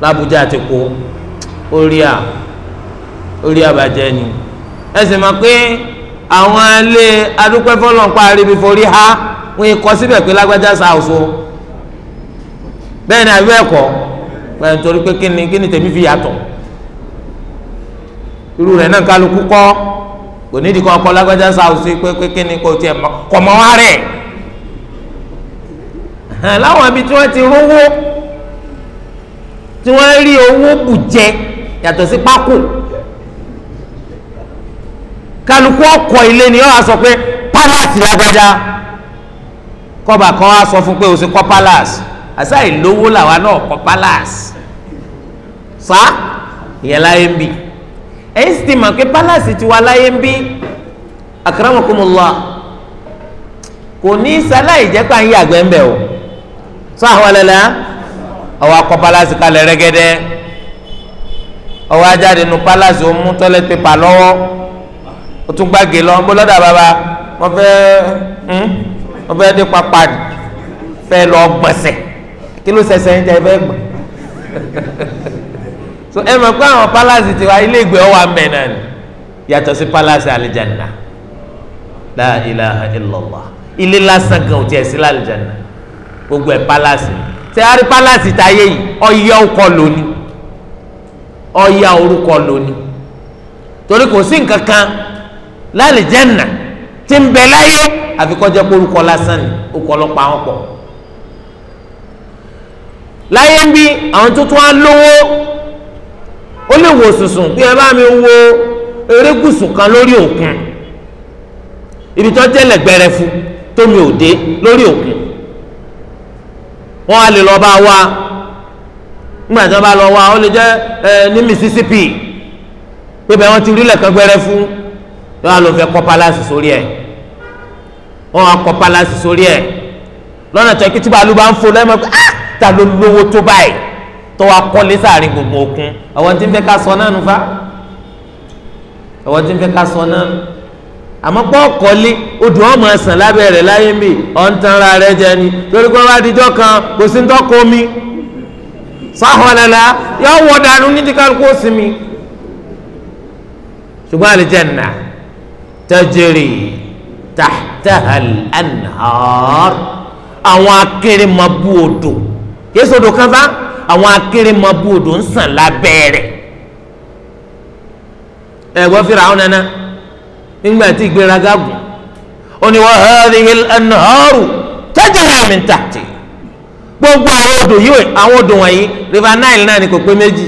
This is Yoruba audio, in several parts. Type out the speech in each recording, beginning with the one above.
làbújá ti kó orí à orí àbàjẹ́ ni ẹ sì mọ̀ pé àwọn ilé adúpẹ́ fọlọ́npá àríbi forí ha wọ́n yìí kọ́ síbẹ̀ pé lágbájá sàwùsọ bẹ́ẹ̀ ni àbí bẹ́ẹ̀ kọ́ pẹ̀lú torí pé kíni kíni tèmi fi yàtọ̀ irú rẹ̀ náà kálukú kọ́ kò nídìí kọ́ ọkọ lágbájá sàwùsọ pé pé kíni kò tiẹ̀ kọ̀ mọ́ wá rẹ̀ láwọn ibi tí wọ́n ti rówó tí wọ́n rí owó bù jẹ yàtọ̀ sí pákó kálukú ọkọ̀ ilé ni yóò wá sọ pé palace lágbájá kọ́ba kan wá sọ fún pé o sì kọ́ palace àṣàyè lówó làwa náà kọ́ palace sá ìyẹn láyé ń bì ẹ̀yìn sì ti mọ̀ pé palace ti wá láyé ń bì akramakumullah kò ní sáláì jẹ́ pé à ń yàgbẹ́ ń bẹ̀ o sọ àwọn ọ̀lẹ́lẹ́ á ọwọ́ akọ palasi kalẹ̀ rẹ́gẹ́dẹ́ ọwọ́ ajáde nu palasi ó mú toilet paper lọ́wọ́ ó tún gbàgé lọ bó lọ́dà bàbá wọ́n fẹ́ wọ́n hmm? fẹ́ dé pápá fẹ́ lọ gbọ̀nsẹ̀ kí ló sẹsẹ ń jẹ ẹ fẹ́ gbọ̀n so ẹ mọ̀ pé àwọn palasi tiwa ilé ìgbé ọwọ́ amẹ́ náà ni yàtọ̀ sí palasi alijanna la ilaha illallah ilé lásán kan ò tiẹ̀ sí lálìjanna gbogbo ẹ̀ palasi ni sẹ́yàrí pálásì táyé yìí ọ̀yà orúkọ lónìí ọ̀yà orúkọ lónìí torí kò sí nǹkan kan lálẹ́ jẹ́nà tí ń bẹ láyé àfi kọjá pé orúkọ lásán ni orúkọ ọlọ́pàá wọn pọ̀ láyé ń bí àwọn tó tún á lówó ó lè wò sùsùn bí ẹ bá mi wo erégùsù kan lórí òkun ibi tó jẹ́ lẹ́gbẹ̀rẹ̀ fún tómi òde lórí òkun wọ́n a lè lọ bá wa nígbà tí wọ́n bá lọ wa ó lè jẹ́ ẹ ní Mississippi pé bẹ́ẹ̀ wọ́n ti rí lẹ̀kọ́ gbẹrẹ́ fún wọ́n á lọ fẹ́ kọ́ palasi sórí ẹ̀ wọ́n á kọ́ palasi sórí ẹ̀ lọ́nà tó kí tí bàálù bá ń fò lẹ́mọ̀ pé ah ta ló lówó tó báyìí tó wa kọ́lé sáàrin gbogbo òkun àwọn tí ń fẹ́ ká sọ náà nù fa àwọn tí ń fẹ́ ká sọ náà nù àmọ́ pọ́ọ̀kọ́lé odò ọmọ ẹ̀sán lábẹ́ rẹ̀ láyé mi ọ̀ǹtanra rẹ̀ jẹ ni torí pé wọ́n á dijọ́ kan kò sí ntọ́kọ mi sáhọ́lẹ́lá yọ wọ dànù ní kíkálukú sí mi ṣùgbọ́n àlìjẹ́nà tajiri tahtahal anhar àwọn akéré máa bú odò kí odò kan bá àwọn akéré máa bú odò ń lábẹ́ rẹ̀ ẹ̀gbọ́n fìrà ọ̀nà náà nígbà tí ìgbéraga gùn ó ní wa hadhihi al-anharu tajri min tahti gbogbo àwọn odò yìí àwọn odò wọ̀nyí river nile náà ni kò pé méjì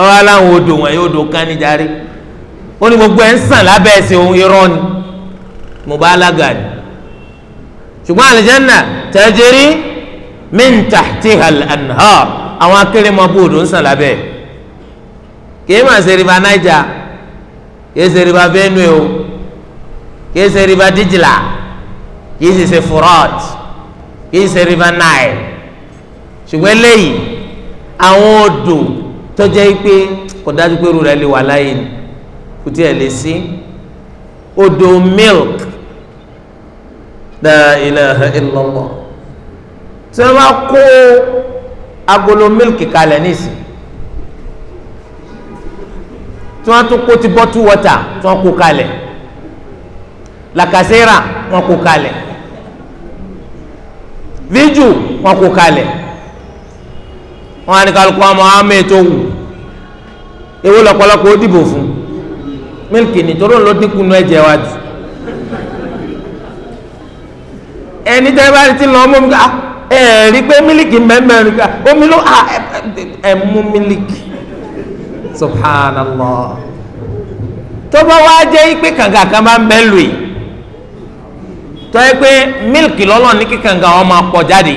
ọwọ́ aláwọn odò wọ̀nyí odò kan ní jàre ó ní gbogbo ẹ̀ ń sàn lábẹ́ ẹ̀sìn ohun irọ́ ni mubalaga ni ṣùgbọ́n àlìjẹ́nà tajri min tahtiha al-anhar àwọn akérèmọ́bù odò ń sàn lábẹ́ kì í mà ṣe river niger kìí ṣe riba benue o kìí ṣe riba dijila kìí ṣe ṣe furad kìí ṣe riba nile ṣùgbọ́n eléyìí àwọn Odo tó jẹ́ kò dájú pé irú rẹ̀ wà láyé ni kò lè sí odò milk la ilaha illallah tí wọ́n bá kó agolo milk kalẹ̀ nísìnyí tí wọ́n tún kó ti bottle water tí wọ́n kó kalẹ̀ làkàṣẹ́rà wọ́n kó kalẹ̀ viju wọ́n kó kalẹ̀ wọ́n á ní kálukú ọmọ amẹ́ tó wù ewu lọ́pọ̀lọpọ̀ ó dìbò fún mílíkì nítorí ló dínkù nù ẹ̀jẹ̀ wa jù ẹni tẹ́ bá ti lọ mọ́ mi ká ah, ẹ̀ẹ́dì pé mílíkì mẹ́mẹ́rin ká ah, omi ló ah, ẹ̀ mú mílíkì. Subhana Allah. bá wá jẹ́ pé kàǹgà kan bá ń bẹ́ lù yìí tó yẹ pé mílìkì lọ́lọ́ ní kí kàǹgà wọn máa pọ̀ jáde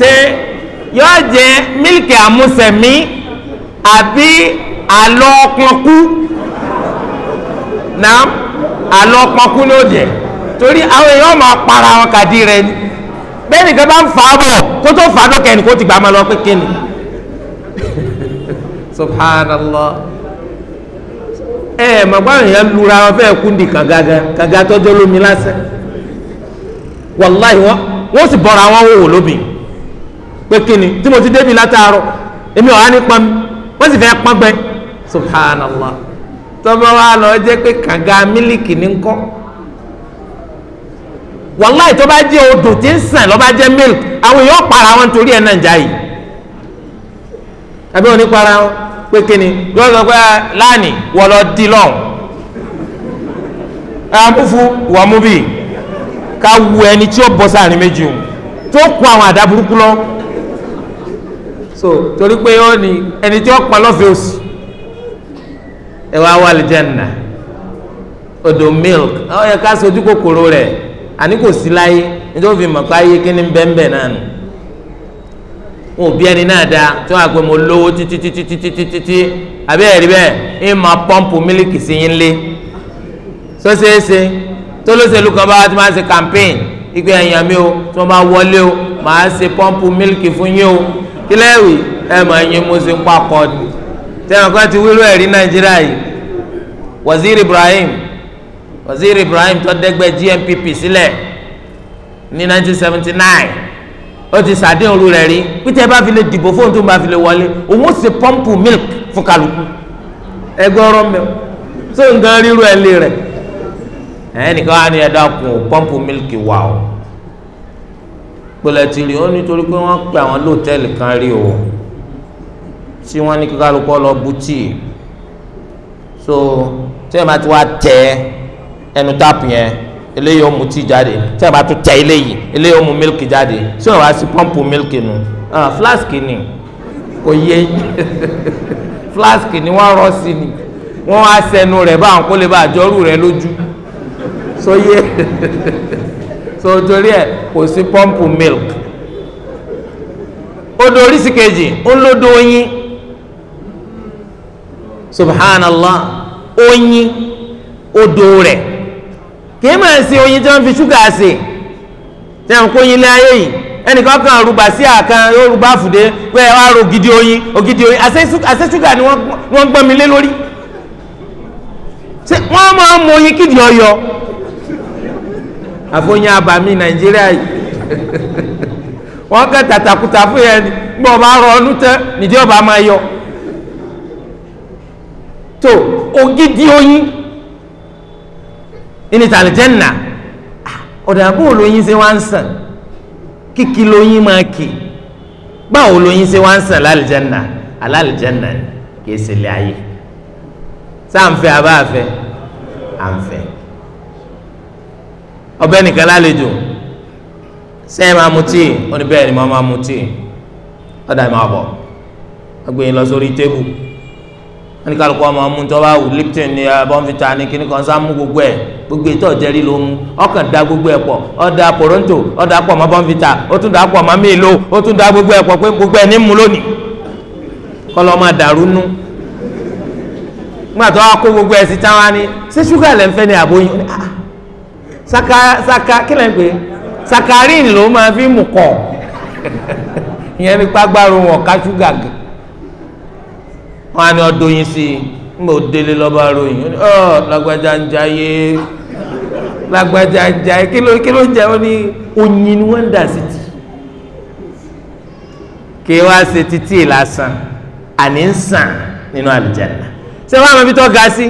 ṣé yóò jẹ́ mílìkì àmúṣẹ̀mí àbí àlọ́ ọpọ́nkú náà àlọ́ ọpọ́nkú ló jẹ́ torí àwọn èèyàn máa para wọn kàdí rẹ ni bẹ́ẹ̀ nìkan bá ń fà á bọ̀ kó tó fà á lọ́kẹ́ ni kó ti gbà máa lọ pé kíni. subhanallah ẹ ẹ màgbà yẹn lura wọn fẹẹ kú di kàgàgà kàgà tọjọ lómi lásán wàláhì wọn wọn sì bọra wọn wò wò lómi pé kíni tí mo ti débi látàárọ̀ èmi ọ̀hán ní pam wọ́n sì fẹ́ pọ́n gbẹ subhanallah tọ́ba wa lọ jẹ́ pé kàga mílíkì ní kọ́ wàláhì tó bá jẹ́ odò tí ń sàn lọ́ba jẹ́ mílíkì àwọn èèyàn pààrà wọn torí ẹ̀ náà jáì àbí wọn ní para wọn pé kíni yóò sọ pé ah, láàní wọ́n lọ di lọ́hùn amúfu ah, wọ́n mú bì ká wu ẹni tí ó bọ́ sáàrin méjì o tó kó àwọn àdá lọ so torí pé ó ní ẹni tí ó pa lọ́fẹ̀ẹ́ òsì ẹ wá wà lìjẹ́nà odò milk ọ yẹ ká sojú kòkòrò rẹ̀ àní kò sí láyé nítorí fi mọ̀ pé ayé kíni bẹ́ẹ̀ bẹ́ẹ̀ náà nù wọn ò bí ẹni náà da tí wọn àgbẹ̀ mọ lówó títí títí títí títí tí àbí ẹ̀rí bẹ́ẹ̀ ẹ máa pọ́ǹpù mílíkì sí yín lé sọ́sẹ́sẹ́ tó lóṣèlú kan bá wá ti máa ṣe campaign ìgbé ẹ̀yàn mi o tí wọ́n bá wọlé o màá ṣe pọ́ǹpù mílíkì fún yín o kílẹ̀ wì ẹ máa yín mo ṣe ń pakọ́ ni tẹ́wọ̀n kan ti wílò ẹ̀rí nàìjíríà yìí waziri ibrahim waziri ibrahim tó dẹ́gbẹ́ GNPP sílẹ̀ ní 1979 ó ti sàdéhùn ru rẹ̀ rí pété bá fi lè dìbò fóun tó bá fi lè wọlé òun sì pọ́ǹpù milk fún kálukú ẹgbẹ́ ọ̀rọ̀ mi tó nǹkan ríru ẹ̀ lé rẹ̀ ẹ̀yìn nìkan wà ní ẹ̀dá kun pọ́ǹpù milk wà o pẹ̀lẹ́tì rí ó nítorí pé wọ́n pè àwọn lóòtẹ́ẹ̀lì kan rí o tí wọ́n ní kí kálukú lọ bu tíì so tí ẹ̀ máa ti wá tẹ ẹnu táàpù yẹn eléyìí ó mu tíì jáde tí a bá tún tẹ eléyìí eléyìí ó mu mílìkì jáde tí wọn bá sí pọ́ǹpù mílìkì nù ah, flask ni kò yé flask ni wọ́n rọ́ sí ni wọ́n wá sẹnu rẹ̀ báwọn kó lè bá àjọrú rẹ̀ lójú so yé so torí ẹ kò sí pọ́ǹpù mílìkì odò oríṣi kejì ńlọdọ oyin subhanallah oyin odò rẹ̀. kì í máa ṣe oyin tí fi ṣúgà ṣe tí wọ́n kó oyin lé ayé yìí ẹnìkan kan rúbà sí àkàn yóò rúbà fùdé ro gidi oyin ògidì oyin àṣẹ ṣúgà ni wọ́n gbọ́n mi lé lórí wọ́n máa mọ oyin kídi ọyọ àfọyín abàmì nàìjíríà yìí wọ́n kẹ́ tàtàkùtà fún yẹn gbọ́ ọba rọ ọdún tẹ́ ọba máa yọ tó ògidì oyin. ẹni tàlẹ̀ jẹ́ nà ọ̀dà bó lóyin ṣe wá ń sàn kíkí lóyin máa kì báwo lóyin ṣe wá ń sàn lálìjẹ́nà nìkan lálejò máa mu tíì ni máa mu tíì ọ̀dà ìmọ̀ ọ̀bọ̀ lọ sórí tébù. wọn ní kálukú ọmọ ọmú tó bá wù Lipton ní abọ́nfìtà ah, ní kíní kan sáà mú gbogbo ẹ̀ gbogbo ètò ọ̀jẹ̀rí ló mú ọkàn da gbogbo ẹ̀ pọ̀ ọ̀dà Toronto ọ̀dà pọ̀ mọ́ bọ́nfìtà ó tún dà pọ̀ mọ́ mélòó ó tún dà gbogbo ẹ̀ pọ̀ pé gbogbo ẹ̀ ní mú lónìí kọ́lọ́ máa dàrú nú gbàtọ́ wa kó gbogbo ẹ̀ sí táwa ni ṣé ṣúgà lẹ́ ń fẹ́ ni àbóyún ah, saka saka wọn á ní ọdún yín sí i ńgbà ó délé lọ́ba ròyìn ọ lágbájá ń jayé lágbájá ń jayé kí ló kí ló ń jẹ wọn ní oyin ni wọn ń dà sí ti kí wá ṣe títí lásán àní ń sàn nínú àlùjáde ṣé wọn àmọ́ ibi tó ga sí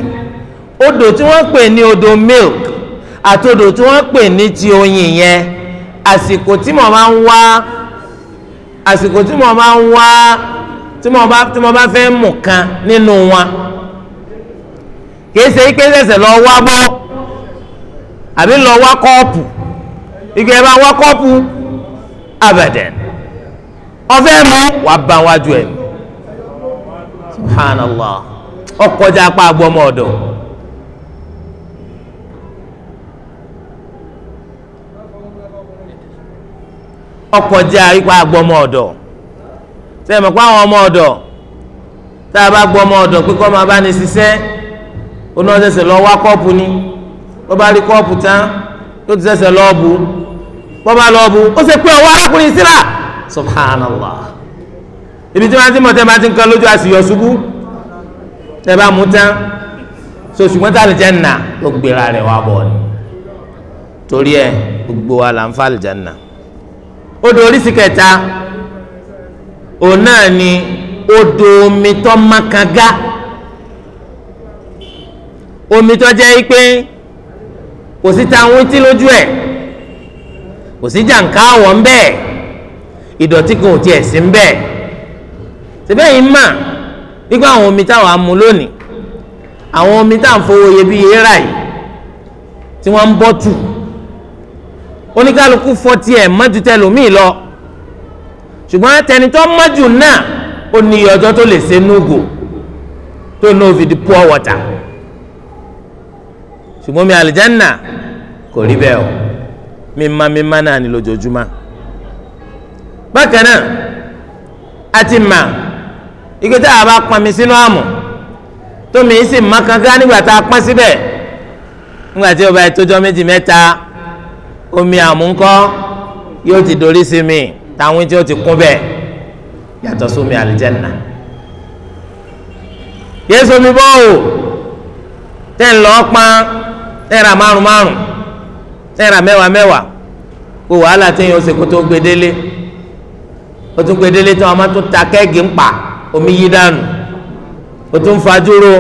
odò tí wọ́n pè ní odò milk àti odò tí wọ́n pè ní ti oyin yẹn àsìkò tí mo máa ń wá àsìkò tí mo máa ń wá. tí mo bá tí mo bá kan nínú wọn kìí ṣe ike ṣẹ̀ṣẹ̀ lọ wá bọ́ àbí lọ wá kọ́ọ̀pù ike ẹ bá wá kọ́ọ̀pù abadan ọfẹ́ mú wà bá wájú ẹ̀ subhanallah ọkọjá apá agbọmọ sẹ́yìn mọ̀ pé àwọn ọmọ ọ̀dọ̀ tá a bá gbọ́ ọmọ ọ̀dọ̀ pé kọ́ máa bá ní ṣiṣẹ́ oní wọn ṣẹ̀ṣẹ̀ lọ wá kọ́ọ̀pù ni wọ́n bá rí kọ́ọ̀pù tán yóò ti ṣẹ̀ṣẹ̀ lọ bu wọ́n bá lọ bu ó ṣe pé ọwọ́ arákùnrin síra subhanallah ibi tí wọ́n ti mọ̀ tẹ́ máa ti ń kan lójú àṣìyọ̀ ṣubú tẹ́ bá mú tán so ṣùgbọ́n tá a lè jẹ́ nà ó gbéra rẹ̀ wá bọ̀ ni torí ẹ gbogbo wa là ń fa àlùjánnà ó do oríṣi kẹta òun náà ni odò omi tó mákàgá omi tó jẹ́ pé kò sí táwọn tí lójú ẹ̀ kò sí jàǹká àwọ̀ ń bẹ́ẹ̀ ìdọ̀tí kan ò tiẹ̀ sí ń bẹ́ẹ̀ síbẹ̀ yìí mà nígbà àwọn omi táwọn amú lónìí àwọn omi táwọn fowó iyebíye rà yìí tí wọ́n ń bọ́ tù oníkálukú fọ́ tiẹ̀ mọ́jú tẹlómi lọ ṣùgbọ́n tẹnitọ́ mọ́jú náà ó ní iye ọjọ́ tó lè ṣe núgò tó ní òfin di poor water ṣùgbọ́n mi àlìjánà kò rí bẹ́ẹ̀ o mímá mímá náà ní lójoojúmọ́ bákan náà a ti mà ike tá a bá pọnmi sínú àmù tómi sì má kankan nígbà tá a pọ́n síbẹ̀ nígbà tí o bá tójọ́ méjì mẹ́ta omi àmú yóò ti dorí sí mi táwọn tí ó ti kún bẹ́ẹ̀ yàtọ̀ sómi àlìjẹ́nà yéésù mi bọ́ o tẹ́ ń lọ pán náírà márùn márùn náírà mẹ́wàá mẹ́wàá kó wàhálà tẹ́yìn ó ṣe kó tó gbedele ó tún gbedele tí wọ́n máa tún ta kẹ́ẹ̀gì ń pa omi yí dànù ó tún fajúro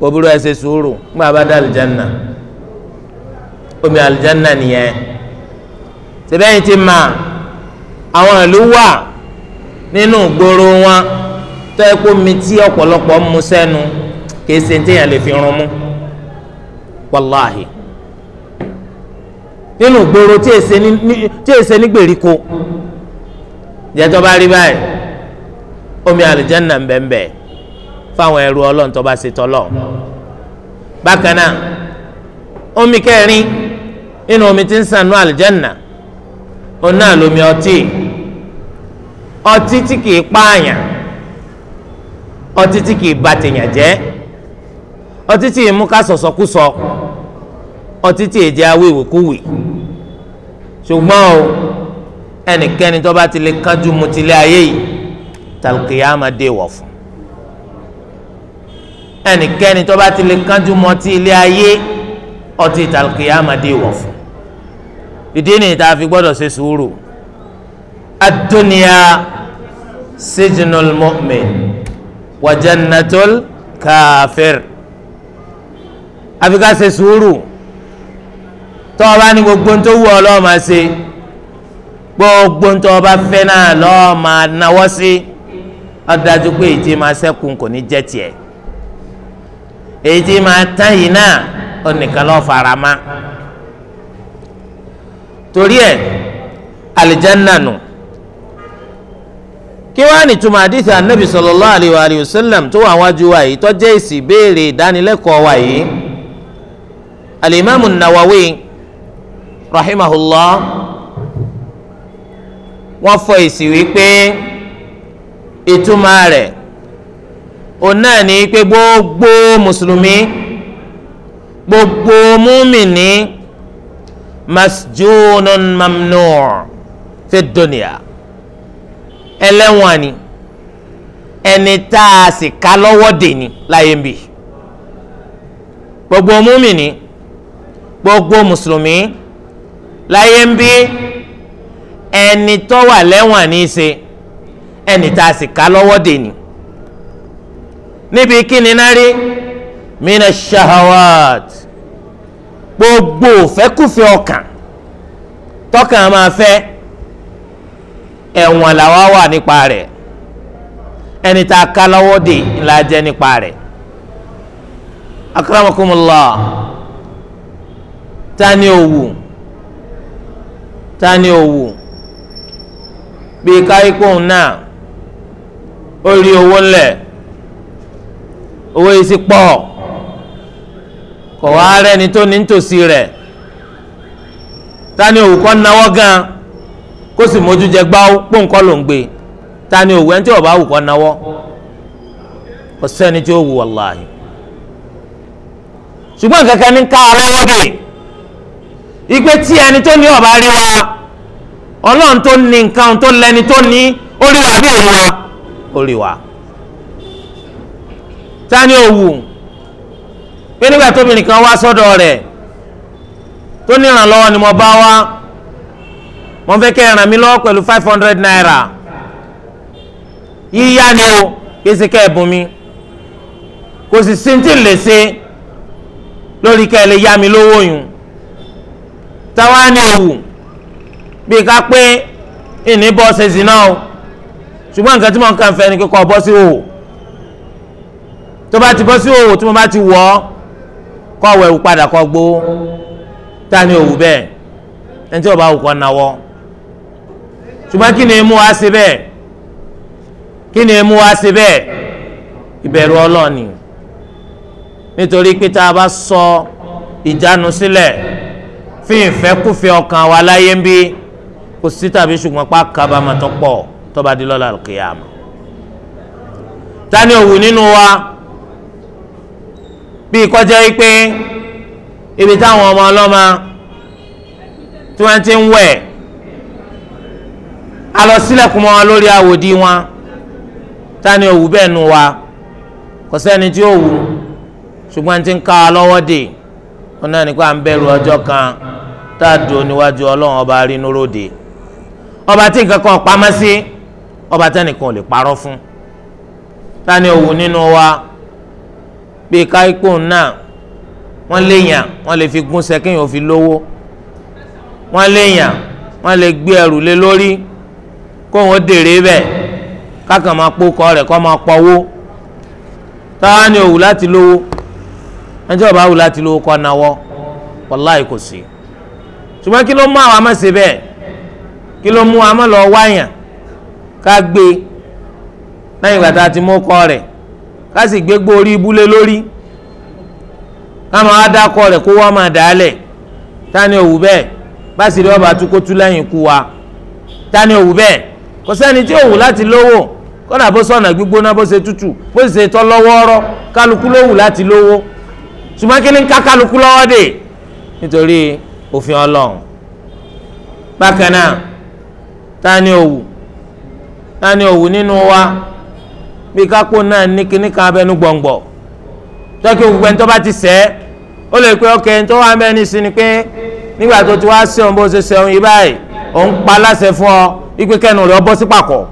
kò burú ẹ ṣe sùúrù nígbà bá dá àlìjẹ́nà omi àlìjẹ́nà nìyẹn ṣe ti máa àwọn ìlú wà nínú ìgboro wọn tó ẹ kó mi tí ọ̀pọ̀lọpọ̀ ń mu sẹ́nu kì í ṣe ní téèyàn lè fi rún mú wàláhì nínú ìgboro tí èsè ní gbèríko ìjẹ́tọ́ bá rí báyìí omi àlùjánnà ń bẹ̀ ń bẹ̀ fáwọn ẹrú ọlọ́run tó bá ṣe tọ́lọ̀ bákan náà omi kẹrin nínú omi tí ń sànú àlùjánnà òun náà lomi ọtí ọtí tí kìí pààyàn ọtí tí kìí bà tèèyàn jẹ́ ọtí tí ì mú ká sọ̀sọ̀kúsọ ọtí tí èjẹ awéwèkúwè ṣùgbọ́n o ẹnikẹ́ni tó bá ti lè kánjú mu tilé ayé yìí tàlùkìyàmá dé wọ̀ fún ẹnikẹ́ni tó bá ti lè kánjú mu ọtí ilé ayé ọtí tàlùkìyàmá dé wọ̀ fún ìdí nìyí tá a fi gbọ́dọ̀ ṣe sùúrù adúniya sijinul mu'min wa jannatul káfíìr àfi ká ṣe sùúrù tó o bá ní gbogbo tó wù ọ́ lọ́ọ́ máa ṣe gbogbo tó o bá fẹ́ náà lọ́ọ́ máa náwó sí ó pé èyí máa ṣẹ́kùn kò ní jẹ́ tiẹ̀ èyí tí máa tán yìí náà ó nìkan lọ́ọ́ fara máa torí ẹ̀ alìjánná nù kí wàá nìtumọ̀ àdìsí anabi sallallahu alayhi wa alayhi wa sallam tó wà wájú wa yìí tó jẹ́ èsì béèrè ìdánilẹ́kọ̀ọ́ wa yìí alimami nawawi rahimahullah wọ́n fọ èsì wípé ìtumọ̀ rẹ̀ òun náà pé gbogbo mùsùlùmí gbogbo múmìnì masjúnun mamnúr fi dunya ẹlẹ́wọ̀n ni ẹni tá a sì ká lọ́wọ́ dè ní láyé ń bì gbogbo múmìnì gbogbo mùsùlùmí láyé ń bí ẹni tó wà lẹ́wọ̀n ní í ṣe ẹni tá a sì ká lọ́wọ́ dè níbi kí ni náà rí mina shahawat gbogbo òfẹ́kùfẹ́ ọkàn tọkàn máa fẹ́ ẹ̀wọ̀n làwa wà nípa rẹ̀ ẹni tá a ká lọ́wọ́ dè ńlá jẹ́ nípa rẹ̀ ni tani owu tani owu bíi káríkóhùn náà ó rí owó ńlẹ̀ owó yìí sì pọ̀ Kọwaa wá rẹ́ni tó ní tòsí rẹ̀ tani òwú kọ́ náwó gan kó sì mójú jẹ gbáwó pọ́nkọ́ ló ń gbé tani òwú ẹni tí ọba òwú kọ́ náwó kò sẹ́ni tí ó wù wàláhì ṣùgbọ́n kankan ní ká aláwọ̀ bè ìgbé tí ẹni tó ní ọba rí wa ọlọ́run tó ní nǹkan tó lẹ́ni tó ní ó wa bí wa wa tani òwú. pé nígbà tóbìnrin kan wá sọ́dọ̀ rẹ̀ tó ní ìrànlọ́wọ́ ni mo bá wá mo fẹ́ kẹ́ ràn mí lọ́wọ́ pẹ̀lú five hundred naira yíyá ni o gbèsè kẹ́ ẹ̀ bùn mi kò sì sí ní tí ń lè ṣe lórí kẹ́ ẹ lè yá mi lówó yùn táwa ni ewu bí ká pé ìní bọ́ ṣe o ṣùgbọ́n nǹkan tí mo kàn fẹ́ ni kíkọ́ bọ́ sí òwò tó bá ti bọ́ sí òwò tí mo bá ti wọ̀ ọ́ kọ́ wẹ̀ wù padà kọ́ gbó tani òwú bẹ́ẹ̀ ẹni tí ó bá wù kọ́ nawọ́ ṣùgbọ́n kí ni emu wá sí bẹ́ẹ̀ kí ni emu wá sí bẹ́ẹ̀ ìbẹ̀rù ọlọ́ọ̀ni nítorí pé tá a bá sọ ìjánu sílẹ̀ fi ìfẹ́kùfẹ́ ọkàn wa láyé ń bí kò sí tàbí ṣùgbọ́n pa kábàámà tó pọ̀ tó bá di lọ́la kìyàmù tani òwú nínú wa bíi kọjá pé ibi táwọn ọmọ ọlọ́mọ tí wọ́n ti ń wẹ̀ a lọ sílẹ̀kùn mọ́ lórí àwòdì wọn ta òwú bẹ́ẹ̀ nu wa kò sẹ́ni tí ó wù ṣùgbọ́n ti ń ká wa lọ́wọ́ dè wọn náà ní kó à ń bẹ̀rù ọjọ́ kan tá a dùn níwájú ọlọ́run ọba rínúròdè ọba tí nǹkan kan pamọ́ sí ọba tẹ́nìkan ò lè parọ́ fún ta òwú nínú wa. No bíi káíkó náà wọ́n léèyàn wọ́n lè fi gúnṣẹ́ kéèyàn fi lówó wọ́n léèyàn wọ́n lè gbé ẹrù lé lórí kó wọ́n dèrè bẹ́ẹ̀ kákan máa pò kọ́ rẹ̀ kọ́ máa pọ̀wó táwa ni òwú láti lówó ẹjọ́ ọba òwú láti lówó kọ́ náwọ́ wàláì kò sí ṣùgbọ́n kí ló mú àwọn àmọ́ bẹ́ẹ̀ kí ló mú àmọ́ wáyàn ká gbé lẹ́yìn ìgbà tá a ti mú kọ́ rẹ̀ ká sì gbégbó orí ibúlé lórí káma wá dákọ rẹ̀ kó wá máa dà tani òwú bẹ́ẹ̀ bá sì rí ọba kó tú lẹ́yìn ikú wa tani òwú bẹ́ẹ̀ kò sẹ́ni tí òwú láti lówó kọ́nà bó sọ̀nà gbígbóná bó ṣe tútù bó ṣe tọ́ lọ́wọ́ ọ̀rọ̀ kálukú lówù láti lówó ṣùgbọ́n kí ni ká kálukú lọ́wọ́ dè nítorí òfin ọlọ́run bákan náà tani òwú tani òwú nínú wa bí kápò náà ní kíní kan abẹnú gbọ̀ngbọ̀ tọ́kì gbogbo ẹni tó bá ti sẹ́ ó lè pé ọkẹ́ ẹni tó wà mẹ́ni sí ni pé nígbà tó ti wá sí òun bó ṣe ṣe òun yìí báyìí òun pa láṣẹ fún ọ ìpè kẹnu rẹ ọbọ sí pàkọ́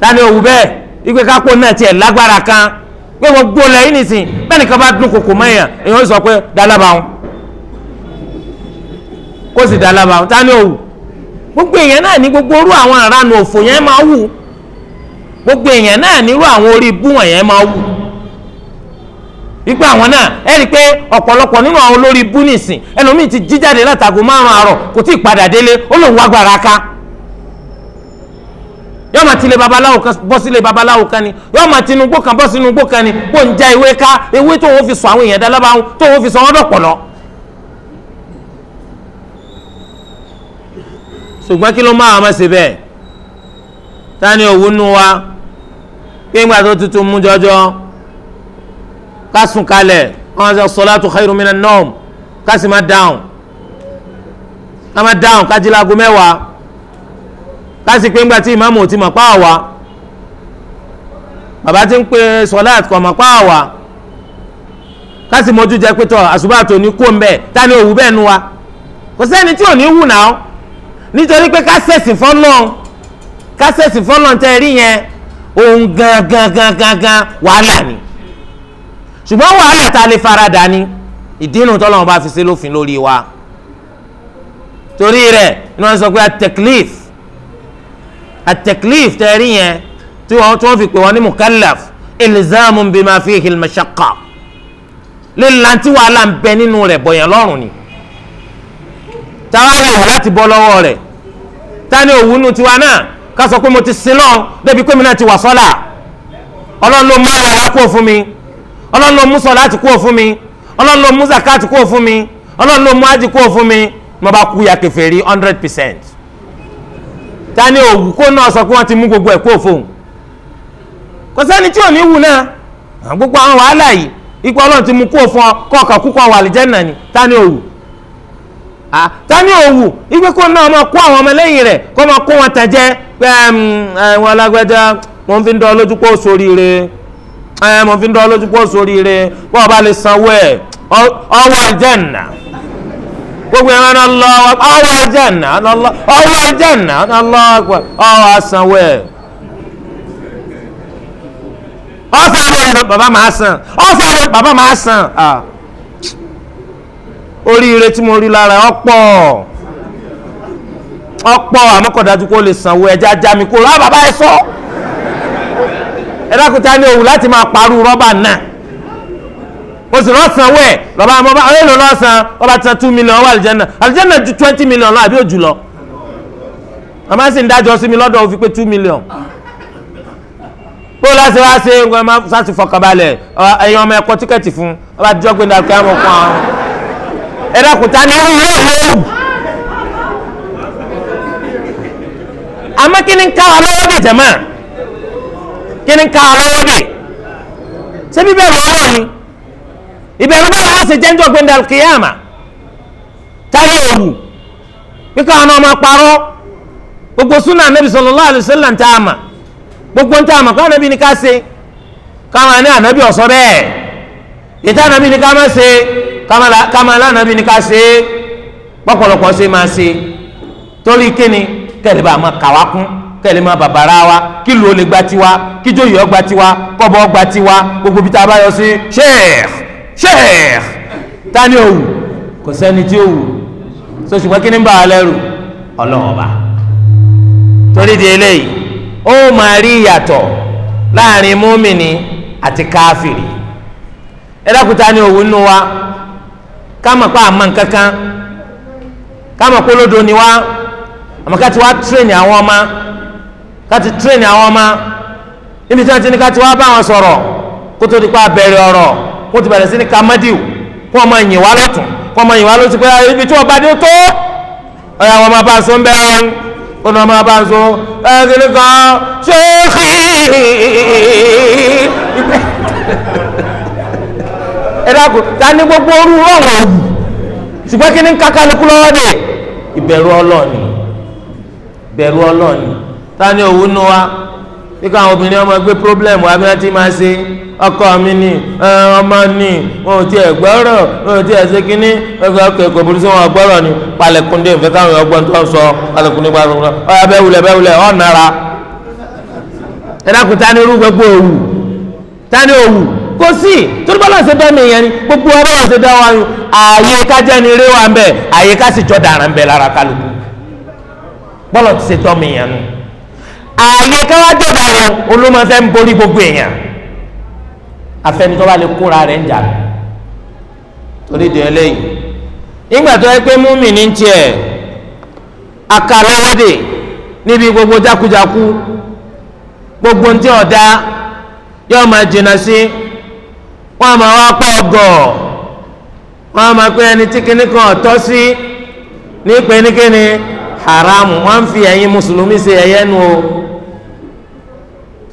tani òwú bẹ́ẹ̀ ìpè kápò náà tiẹ̀ lágbára kan pé gbogbo lẹ́yìn nìsín bẹ́ẹ̀ nìkan bá dún kòkò mẹ́yàn èèyàn sọ pé dálábàá kó sì dálábàá tani òwú gbogbo èèyàn náà ní gbogbo orú àwọn àránù gbogbo èèyàn náà nírú àwọn orí ibú wọ̀nyẹn máa wù ipa àwọn náà ẹ rí i pé ọ̀pọ̀lọpọ̀ nínú àwọn olórí ibú nìsín ẹlòmíì ti jíjáde látago márùn àárọ̀ kò tí ì padà délé ó lòun wá gbàrà ká yọ ma ti le babaláwo kan bọ́ sílé babaláwo kan ni yọ ma ti nugbó kan bọ́ sínú nugbó kan ni kó ń já ewé ká ewé tó wọ́n fi sọ àwọn èèyàn dálábà ń tó wọ́n fi sọ wọ́n dọ̀pọ̀ ṣùgbọ́n kí ló máa ma ṣe bẹ́ẹ̀ ta ni nu wa pé ńgbà tó tutù mú jọjọ ká sùn kalẹ̀ wọn sọ salatu khairun minan nawm ká sì má dáhùn ká má dáhùn ká jí láago mẹ́wàá ká sì pé ńgbà tí ìmáàmù ò ti mọ̀ pa àwa bàbá ti ń pe sọlá àtìkọ̀ mọ̀ pa àwa ká sì mójú jẹ pé tọ àṣùbà tó ní kó ń bẹ̀ ta ni òwú bẹ́ẹ̀ nu wa kò sẹ́ni tí ò ní wù náà nítorí pé ká sẹ̀sìn fọ́lọ́n ká sẹ̀sìn fọ́lọ́n tẹ́ yẹn ohun gangan gangan gan wàhálà ni ṣùgbọ́n wàhálà ta lè faradà ni ìdínú tọ́lọ́mọ bá fi ṣe lófin lórí wa torí rẹ̀ ni wọ́n sọ pé atẹ̀klif atẹ̀klif tẹ̀rí yẹn tí wọ́n fi pè wọ́n ní mukallaf ilzamu bima fihi al-mashaqqa lílanti wàhálà ń bẹ nínú rẹ̀ bọ̀yàn lọ́rùn ni táwa láwọ̀ láti bọ́ lọ́wọ́ rẹ̀ tani òwúnu tiwa náà ká sọ pé mo ti sin lọ́n débi pé mi náà ti wà sọ́là ọlọ́run ló mú àwẹ̀ á kúrò mi ọlọ́run ló mú sọ́là ti kúrò fún mi ọlọ́run ló mú zakat kúrò fún mi ọlọ́run ló mú ájì kúrò fún mi mo bá kú ya kèfèrí hundred percent tani òwú kó náà sọ pé wọ́n ti mú gbogbo ẹ̀ kúrò fóun kò sẹ́ni tí ò ní wù náà gbogbo àwọn wàhálà yìí ipò ọlọ́run ti mú kúrò fún ọ kọ́ọ̀kan kúkọ́ wà àlìjẹ́nà ni tani òwú tani òwú ìgbé kó náà máa kó àwọn ọmọlẹ́yìn rẹ̀ kó máa kó wọn tẹ̀jẹ́ pé ẹ̀wọ̀n eh, alágbẹ́já mo fi ń dán lójú pọ̀ sóríire ẹ̀ mo fi ń dán lójú sóríire bọ́ ọba lè sanwó ẹ̀ ọwọ́ àjẹ́nà gbogbo ẹ̀rọ náà lọ ọwọ́ àjẹ́nà ọwọ́ àjẹ́nà ọwọ́ àsanwó ẹ̀ bàbá máa san bàbá máa san oríire tí ọ̀pọ̀ àmọ́kọ̀dájú kó lè sanwó ẹja jami kó rà bàbá ẹ sọ ẹ dákúta ní òwú láti máa parú rọ́bà náà o sì lọ́ọ́ sanwó ẹ̀ lọ́ba àmọ́ba ọ̀rẹ́ ló lọ́ọ́ san ọba ti san two million wà àlìjẹ́nà àlìjẹ́nà ju twenty million lọ àbí òjù lọ màmá sì ń dájọ́ sí mi lọ́dọ̀ ó pé two million bó láti wá ṣe nǹkan máa sáti fọkànbalẹ̀ ẹ̀yin ọmọ ẹ̀kọ́ tíkẹ́ẹ̀tì fún ọba àtijọ́ gbẹ̀dẹ̀ àti àwọn ọkọ̀ àwọn ẹ̀dá kùtà ní ọ̀hún náà lọ́wọ́. àmọ́ kí ni ń ká wa lọ́wọ́ dè jẹ̀mọ́ kí ni ń ká wa lọ́wọ́ dè ṣé bíbẹ̀rù ọlọ́run ni ìbẹ̀rù báwo á ṣe jẹ́ńjọ́ gbẹ̀ndà kìyàmà táyé òwù kíkọ́ àwọn ọmọ parọ́ gbogbo súnà anabi sallallahu alaihi wasallam ń tá a mà gbogbo ń tá a mà kọ́ anabi ni ká ṣe káwọn àní anabi ọ̀sọ́ bẹ́ẹ̀ ìta anabi ni ká má ṣe kámàlà anabi ni ká ṣe pọ̀pọ̀lọpọ̀ ṣe má ṣe torí kíni kẹ́lẹ́ bá máa kà wá kún kẹ́lẹ́ wa kí lu olè gba tiwa kí jóyè ọgbà tiwa kọ́bọ̀ ọgbà tiwa gbogbo bí tá a bá yọ sí sheikh sheikh tani òwù kò sẹ́ni tí owu so ṣùgbọ́n kí ni bá wa lẹ́rù ọlọ́ọ̀ba torí di eléyìí ó máa rí ìyàtọ̀ láàrin múmìnì àti káfìrí ẹ ni òwú nù wa ká mọ̀ pé àmọ́ ká mọ̀ pé olódo ni àmọ́ ká ti wá tírèènì àwọn ọmọ ká ti tírèènì àwọn ọmọ níbi tí wọ́n ti ní ká ti wá bá wọn sọ̀rọ̀ kó tó di pa abẹ́rẹ́ ọ̀rọ̀ kó ti bẹ̀rẹ̀ sí ní kamadiw kó ọmọ yìn wá lọ́tún kó ọmọ yìn wá lọ́tún pé ibi tí wọ́n bá dé tó ọ̀yà wọn máa bá a so ń bẹ́ wọn kó ní wọn máa bá a so ẹ̀ẹ́dínlẹ́ kan ṣé ẹ dákun ta ni gbogbo orú rọrùn ọ̀hún ṣùgbọ́n kí ni kákàlùkù lọ́wọ́ dé ìbẹ̀rù ọlọ́ọ̀ni bẹ̀rù ọlọ́ọ̀ni tani òwú nu wa bí káwọn obìnrin ọmọ gbé problem wa bí wọ́n ti máa ṣe ọkọ mi ni ọmọ ni wọn ò tiẹ̀ gbọ́rọ̀ wọn ò tiẹ̀ ṣe kínní ọkọ ọkọ ẹ̀kọ́ burúkú wọn gbọ́rọ̀ ni palẹ̀kùndé nfẹ́ káwọn ọgbọ́n tó ń sọ palẹ̀kùndé gba ọgbọ́n ọyà bẹ́ẹ̀ wulẹ̀ bẹ́ẹ̀ wulẹ̀ ọ̀ nara ẹ̀dàkùn tani irú gbogbo òwú tani òwú kò sí torí bọ́lá ṣe dá mi yẹn ni gbogbo ọlọ́run ṣe dá wa yun àyè kájẹ́ni eré wa ń bẹ àyè ká sì jọ dàrán bẹ lára kálukú bọ́lọ̀ ti ṣe tọ́mọ èèyàn nu ààyè káwájọ́ dàrú olómọfẹ́ ń borí gbogbo èèyàn afẹnitọ́ bá lè kóra rẹ̀ ń jà torí di eléyìí nígbà tó yẹ pé múmi ní tiẹ̀ akaláyàdè níbi gbogbo jákujáku gbogbo ntí ọ̀dá yóò máa jìnnà sí wọn máa wá pa ọgọ wọn máa pé ẹni tí kinní ọ̀tọ́ sí ní pé ní kíni. Haram wọ́n fi ẹ̀yin mùsùlùmí ṣe ẹ̀yẹ nu o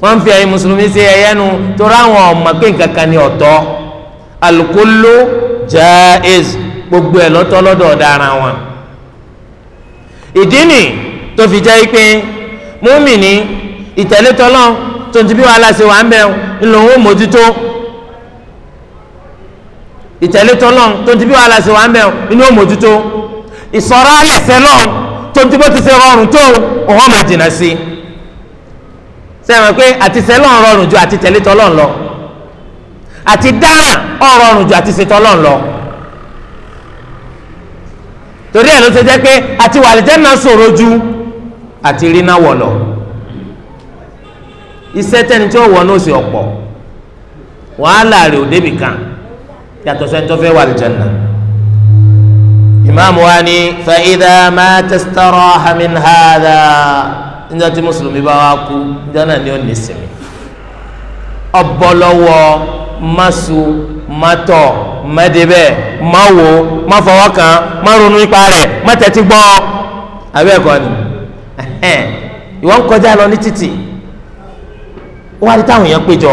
wọ́n fi ẹ̀yin mùsùlùmí ṣe ẹ̀yẹ nu torí àwọn ọmọ pé nǹkan kan ni ọ̀tọ̀ alukolo jaiz gbogbo ẹ̀ lọ́tọ̀ lọ́dọ̀ ọ̀daràn wọn. ìdí nì tó fi jẹ́ pé múmìnì ìtẹ̀lé tọ́lọ́ bí wàhálà ṣe wà bẹ̀ ńlọ́wọ́ mójútó ìtẹ̀lé tọ́lọ́ bí wàhálà ṣe wà bẹ̀ ńlọ́wọ́ mójútó ìsọ̀rọ̀ alẹ́ sẹ́lọ́ọ̀ tonti bó ti ṣe rọrùn tó òun ọmọ jìnnà sí i sẹ́wọ̀n pé àti sẹ́lọ̀n rọrùn ju àti tẹ̀lé tọ́lọ́n lọ àti dáhà ọ̀rọ̀rùn ju àti lọ torí ẹ̀ ló ṣe jẹ́ pé àti wà àlìjẹ́nà ṣòro ju àti ríná wọ̀ lọ iṣẹ́ tẹ́ni tí ó wọ̀ náà sì ọ̀pọ̀ wàhálà rẹ̀ ò débìkan yàtọ̀ sẹ́ni tó ìmáàmù wa ni fa idha ma tastaraha min hadha níjọ́ tí wa ku níjọ́ ni ó ní ọbọlọwọ masu matọ mẹdẹbẹ mawo mafọwọkan marunu ipa rẹ̀ mẹtẹtí gbọ́ àbí ẹ̀kọ́ ni ìwọ ń kọjá lọ ní títì ó wá rí táwọn èèyàn péjọ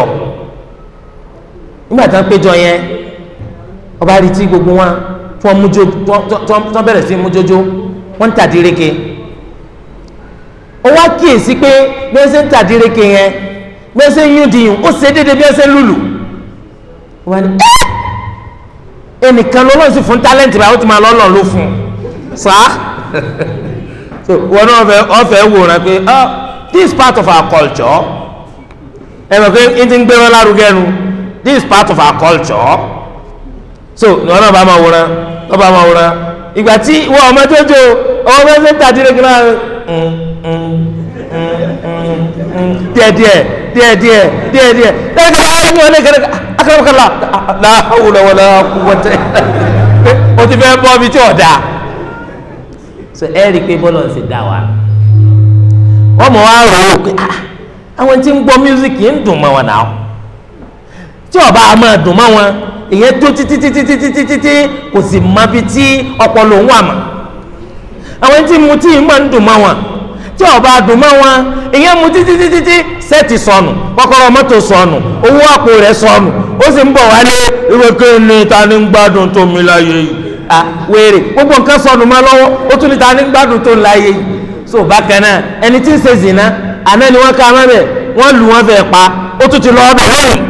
nígbà tí wọn péjọ yẹn ọba rí tí gbogbo wọn tí mújó tí wọ́n bẹ̀rẹ̀ sí mújójó wọ́n ń tàdíreke ó wá kíyèsí pé bí wọ́n ṣe ń tàdíreke yẹn bí wọ́n ṣe ń yún diyùn ó ṣe déédéé bí wọ́n ṣe ń lùlù wọ́n ní ẹ́ ẹnìkan lọ́lọ́ sí fún tálẹ́ǹtì báyìí ti máa lọ́lọ́ ló fún un sá so náà ọfẹ wòran pé ah, this is part of our culture ẹ mọ̀ pé n ti ń gbé wọn lárugẹ nu this is part of our culture so wọn náà bá máa wòran ọba àwọn àwòrán ìgbà tí wọ́n ọmọ tó jò ọmọ bẹ́ẹ̀ ṣe ń tà dídé kí náà díẹ̀díẹ̀ díẹ̀díẹ̀ díẹ̀díẹ̀ dáadáa ẹni wọn lè gẹ́gẹ́ akọ̀rọ̀kọ̀lá láhùlọ́wọ́lá kú wọ́tẹ́ o ti fẹ́ bọ́ mi tí ò dáa so ẹ rí i pé bọ́lọ̀ ṣe dá wa wọ́n mọ̀ wá rò ó pé àwọn tí ń gbọ́ mísíkì ń dùn mọ́ wọn náà tí ọba àmọ́ dùn mọ́ wọn. ìyẹn jó títí títí títí títí tí kò sì má bi tí ọpọlọ ọba dùn mọ́ wọn ìyẹn mu títí títí sẹ́ẹ̀tì sọnù kọ́kọ́rọ́ mọ́tò sọnù owó àpò rẹ̀ sọnù ó sì ń bọ̀ ta ni ń gbádùn tó mi láyé yìí à gbogbo nǹkan sọnù mọ́ so bákan náà ẹni tí ń ṣe àná ni wọ́n ká mọ́ wọ́n lù wọ́n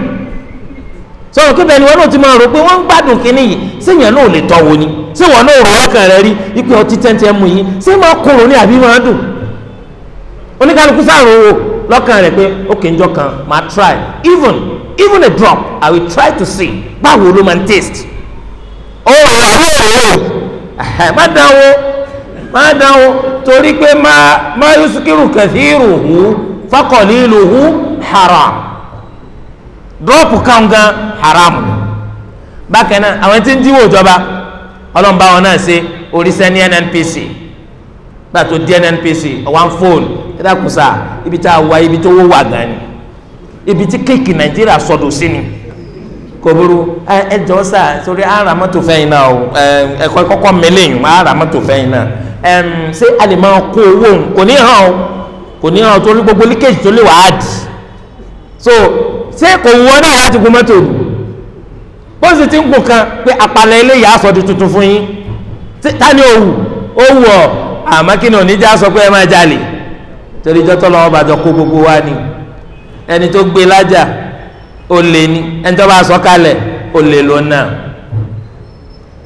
sọ̀rọ̀ kébẹ̀ ni wọn náà ti máa rò pé wọ́n ń gbádùn kínní yìí séèyàn náà ò lè ni ṣé wọn náà rò lọ́kàn rẹ rí ipò ọtí tẹ́ntẹ́ mu yìí ṣé máa kúrò ní àbí máa dùn oníkálukú sáàrò wò lọ́kàn rẹ pé ókè njọ́ kan máa try even even a drop I will try to see báwo ló máa ń taste má torí pé má má yusukiru haram. dọ́ọ̀pù kan gan haram bákan náà àwọn tí ń díwò ìjọba ọlọ́mùbá wọn náà ṣe oríṣẹ́ ní NNPC gbàtò di NNPC ọ̀wọ́n fóònù ẹ̀dá kùsà ibi tá a wá ibi tó wó wà gan ni ibi tí kéèkì nàìjíríà sọdọ sí ni kò burú ẹ jọ sá sórí ara mọ́tò fẹ́yìn náà o ẹ kọ́kọ́ mẹ́lẹ́yìn ara mọ́tò fẹ́yìn náà ṣé a lè máa kó owó kò ní hàn kò ní hàn torí gbogbo líkèjì tó lè wà dì so ṣé kò wọ́n náà láti gun mọ́tò ni bó sì ti ń gùn kan pé àpàlẹ̀ eléyìí aṣọ di tuntun fún yín ta ni òwù òwù ọ àmọ́ kí ni oníjà sọ pé ẹ máa jalè torí jọ́tọ́ lọ́wọ́ bá jọ kó gbogbo wa ni ẹni tó gbé lájà ó lé ní ẹni tó bá sọ kalẹ̀ ó lé lọ náà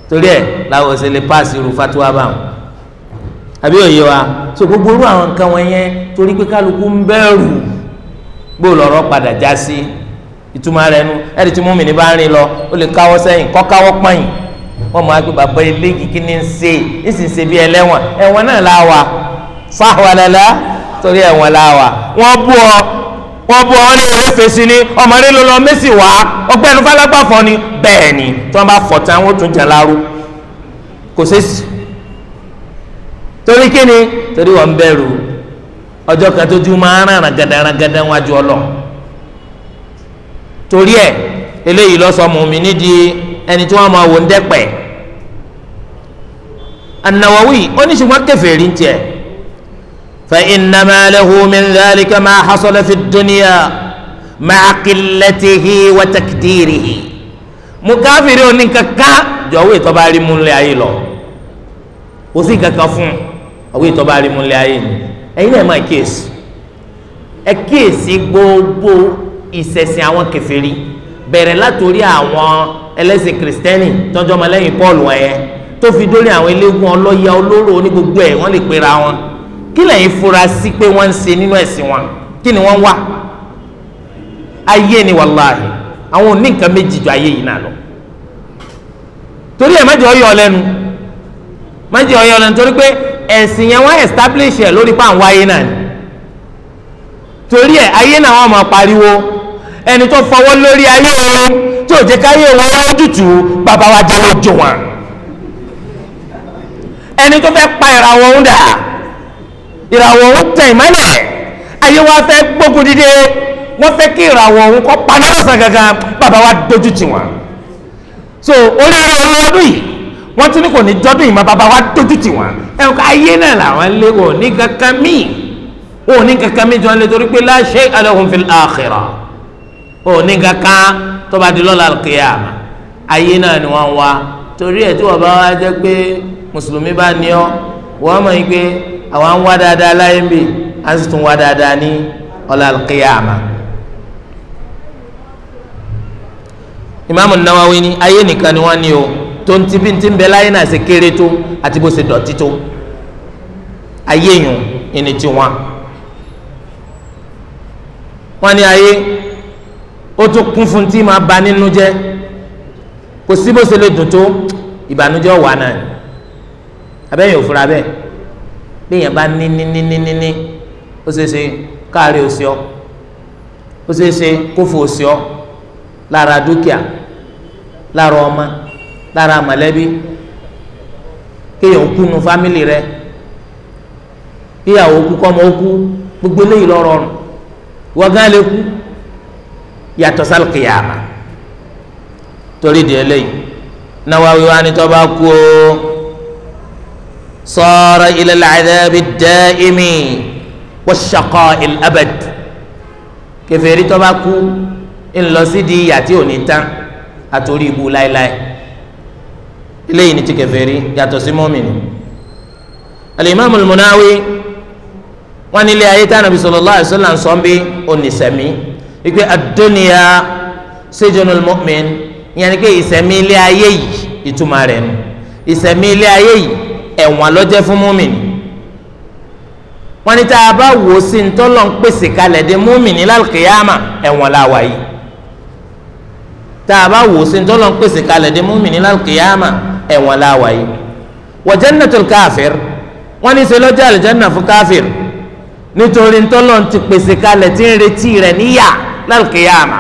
torí ẹ làwọn ò sì lè paasi irú fatuwa báwọn àbí òye wa so gbogbo irú àwọn nǹkan wọn yẹn torí pé kálukú ń bẹ̀rù gbóòlọ́rọ́ padà já sí ìtumọ̀ rẹ̀ nu ẹ̀rí tí múmi ní bá rìn lọ ó lè káwọ́ sẹ́yìn kọ́ káwọ́ pọ́yìn wọ́n mọ̀ àgbẹ̀ bàbá eléyìí kí ni ń ṣe ń sì ń ṣe bí ẹlẹ́wọ̀n ẹ̀wọ̀n náà la wà sáwà lẹ́la torí ẹ̀wọ̀n la wà wọ́n bú ọ wọ́n bú ọ ní ìwé fèsì ni ọmọ rẹ ló lọ mẹ́sì wá ọgbẹ́ ẹnu falágbá fọ́ ni bẹ́ẹ̀ ni tí wọ́n bá fọ̀ tán wọ́n tún jẹ lárú kò sẹ́sì torí kí ni torí wọ́n bẹ̀rù ọjọ́ kan tó ju máa ń ràn gàdà ràn gàdà wájú ọlọ torí ẹ eléyìí lọ sọ mùmíní di ẹni tí wọ́n máa wò ń dẹ́pẹ̀ an-Nawawi oníṣègùn kèfèrí ń tiẹ̀ fa innama lahu min dhalika ma hasala fi dunya ma'a qillatihi wa takdirihi mo káfíìrì oníkankan jọ̀wọ́ ìtọ́ba rí múlẹ̀ ayé lọ kò sí kankan fún ọ̀wọ́ ìtọ́ba rí múlẹ̀ ayé ni ẹ̀yin náà máa kíyèsí ẹ kíyèsí gbogbo ìṣẹ̀sìn àwọn kèfèrí bẹ̀rẹ̀ látòrí àwọn ẹlẹ́sìn kìrìsìtẹ́nì tọ́jọ́ ọmọlẹ́yìn Paul wọ̀nyẹn tó fi dórí àwọn eléégún ọlọ́yà olóró ní gbogbo ẹ̀ wọ́n lè pera wọn kí lẹ́yìn fura sí pé wọ́n ń ṣe nínú ẹ̀sìn wọn kí ni wọ́n wá ayé ni wàláhì àwọn òní nǹkan méjì ju ayé yìí náà lọ torí ẹ̀ má jẹ́ ọyọ́ lẹ́nu má jẹ́ ọyọ́ lẹ́nu torí pé ẹ̀sìn yẹn wọ́n establish ẹ̀ lórí pàǹ náà ni torí ẹ̀ ayé náà wọ́n pariwo ẹni tó fọwọ́ lórí ayé wọn tí ò jẹ́ káyé wọn lójútùú bàbá wa jẹ́ lójú wọn ẹni tó fẹ́ pa ìràwọ̀ ń dà ìràwọ̀ ń tẹ̀ ìmọ́lẹ̀ ayé wa fẹ́ gbógun dídé wọ́n fẹ́ kí ìràwọ̀ ń kọ́ paná gangan bàbá so oríire wọ́n tún ní kò ní jọ́dún ìmọ̀ bàbá wa dójú tì wọ́n ẹ̀ ká ayé náà làwọn lé wọ̀ ní kankan míì wọ́n ní kankan míì jọ lé torí pé la shay'a lahum fil akhirah ní kankan tó di lọ́la al-qiyamah ayé náà ni wọ́n wá torí ẹ̀ tí wọ́n bá wá jẹ́ pé mùsùlùmí bá ní ọ́ wọ́n mọ̀ pé àwọn ń wá dáadáa láyé ń bì á sì tún wá dáadáa ní ọ̀la al-qiyamah Imam Nawawi ni ayé nìkan ni wọ́n ní o tonti bí ti ń bẹ láyé náà ṣe kéré tó àti bó ṣe dọ̀tí tó ayé yùn ẹni tí wọn. wọn ní ayé ó tún kún fún tí máa bà nínú jẹ́ kò sí bó ṣe lè dùn tó ìbànújẹ́ wà náà ni abẹ́yẹn ò fura bẹ́ẹ̀ bẹ́yẹn bá ní ní ní ní ní ní ó ṣeé ṣe káàárẹ̀ òsì ọ́ ó ṣeé ṣe kófò òsì ọ́ lára dúkìá lára ọmọ lára mọ̀lẹ́bí kéèyàn kú nu fámìlì rẹ kíyàwó kú kọ́mọ kú gbogbo eléyìí lọ rọrùn wọ́n gán lè kú yàtọ̀ sálùkìyàmà torí di eléyìí Nawawi wa ni tó bá kú o sara ila al-adhabi ad-da'imi wash-shaqa'i al-abad kèfèrí tó bá kú ńlọ sí di ìyà tí tán àtòrí ibu láéláé eléyìí ni ti kèfèrí yàtọ̀ sí mọ́mìnì alimami munawi wọn ní ilé ayé tí anabi sallallahu alaihi wasallam sọ bí onísẹmí wípé adóníyà sejonal mu'min ìyẹn ni pé ìsẹmí ilé ayé yìí ìtumọ̀ rẹ̀ nu ìsẹmí ilé ayé yìí ẹ̀wọ̀n ló jẹ́ fún mọ́mìnì wọn ní tá a bá wò ó sí ntọ́lọ́ ń pèsè kalẹ̀ dé mọ́mìnì lálùkìyàmà ẹ̀wọ̀n la wà tá a bá wò sí ntọ́lọ́ ń pèsè kalẹ̀ dé mọ́mìnì lálùkìyàmà ẹ̀wọ̀n láwa yìí wa jannatul káfíìr wọ́n ní ṣe lọ́jọ́ àlùjànnà fún káfíìr nítorí ntọ́lọ́ ti pèsè kalẹ̀ tí ń retí rẹ̀ níyà lálùkìyàmà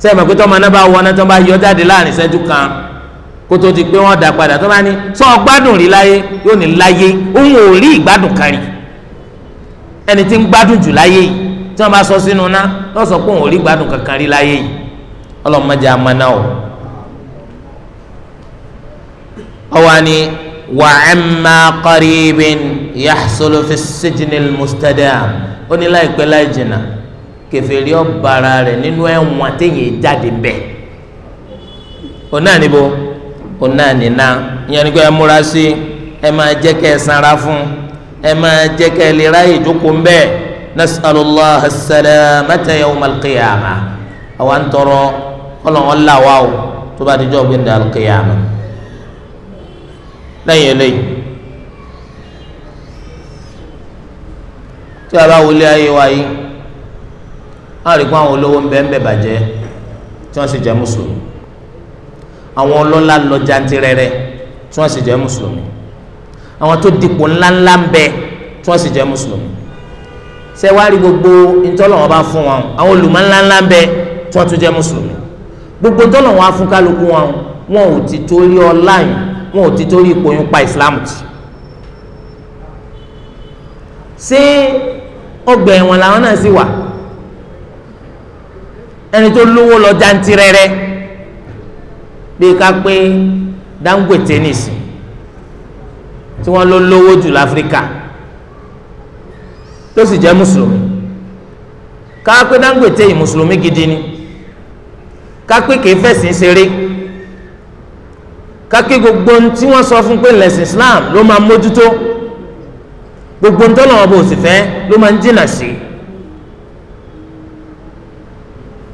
sẹ́yìn mọ̀ pé tọ́mọ náà bá wọ náà tó bá yọ jáde láàrin ìṣẹ́jú kan kótó ti pé wọ́n dà padà tó bá ní sọ gbádùn rí láyé yóò ní láyé òun ò rí ìgbádùn kan rí ẹni tí ń gbádùn jù láyé yìí tí wọ́n bá sọ sínú ná lọ́sọ̀ pé òun ò rí ìgbádùn kankan rí láyé yìí ọlọ́mọdé amaná ọwani wà ẹ̀ma kọ́rìbìn yàtsọ́lọ́ fi sijinil mustadam ó ní láìpẹ́ láì jìnnà kẹfẹ́rí ọ̀bàrà rẹ̀ nínú ẹ̀wọ̀n àtẹ̀yìn jáde bẹ̀ ọ̀nà níbo ọ̀nà nínà ìyẹn ni pé ẹ múra sí ẹ máa jẹ́ kẹ́ ẹ sanra fún ẹ máa jẹ́ kẹ́ ẹ lè ráyè jókòó ń bẹ́ẹ̀ nasalullah salamata yawmal qiyama àwọn tọrọ ọlọ́run ọ̀làwà o tó bá dijọ́ gbẹ̀ndẹ̀ alqiyama lẹ́yìn eléyìí tí a bá wọlé ayé wa yìí a rí pé àwọn olówó ń bẹ ń bẹ bàjẹ́ tí wọ́n sì jẹ́ mùsùlùmí àwọn ọlọ́lá lọ jantirẹrẹ tí wọ́n sì jẹ́ mùsùlùmí àwọn tó dipò ńláńlá ń bẹ tí wọ́n sì jẹ́ mùsùlùmí ṣé wàá rí gbogbo bá fún wọn àwọn olùmọ̀ ńláńlá ń bẹ tí wọ́n tún jẹ́ mùsùlùmí gbogbo ntọ́lọ́wọ́n á fún kálukú wọn wọn ò ti torí ọlá wọn ò ti torí ipò yín pa islam tì ṣé ọgbà ẹ̀wọ̀n làwọn náà sì wà ẹni tó lówó lọ jantirẹrẹ bí ká pé Dangote nìsí tí wọ́n ló lówó jù láfíríkà tó sì jẹ́ mùsùlùmí ká pé Dangote yìí mùsùlùmí gidi ni ká pé kìí fẹ̀sìn ṣeré kákí gbogbo tí wọ́n sọ fún pé lẹ́sìn Islam ló máa mójútó gbogbo ntọ́nà ọba òsìfẹ́ ló máa ń jìnnà sí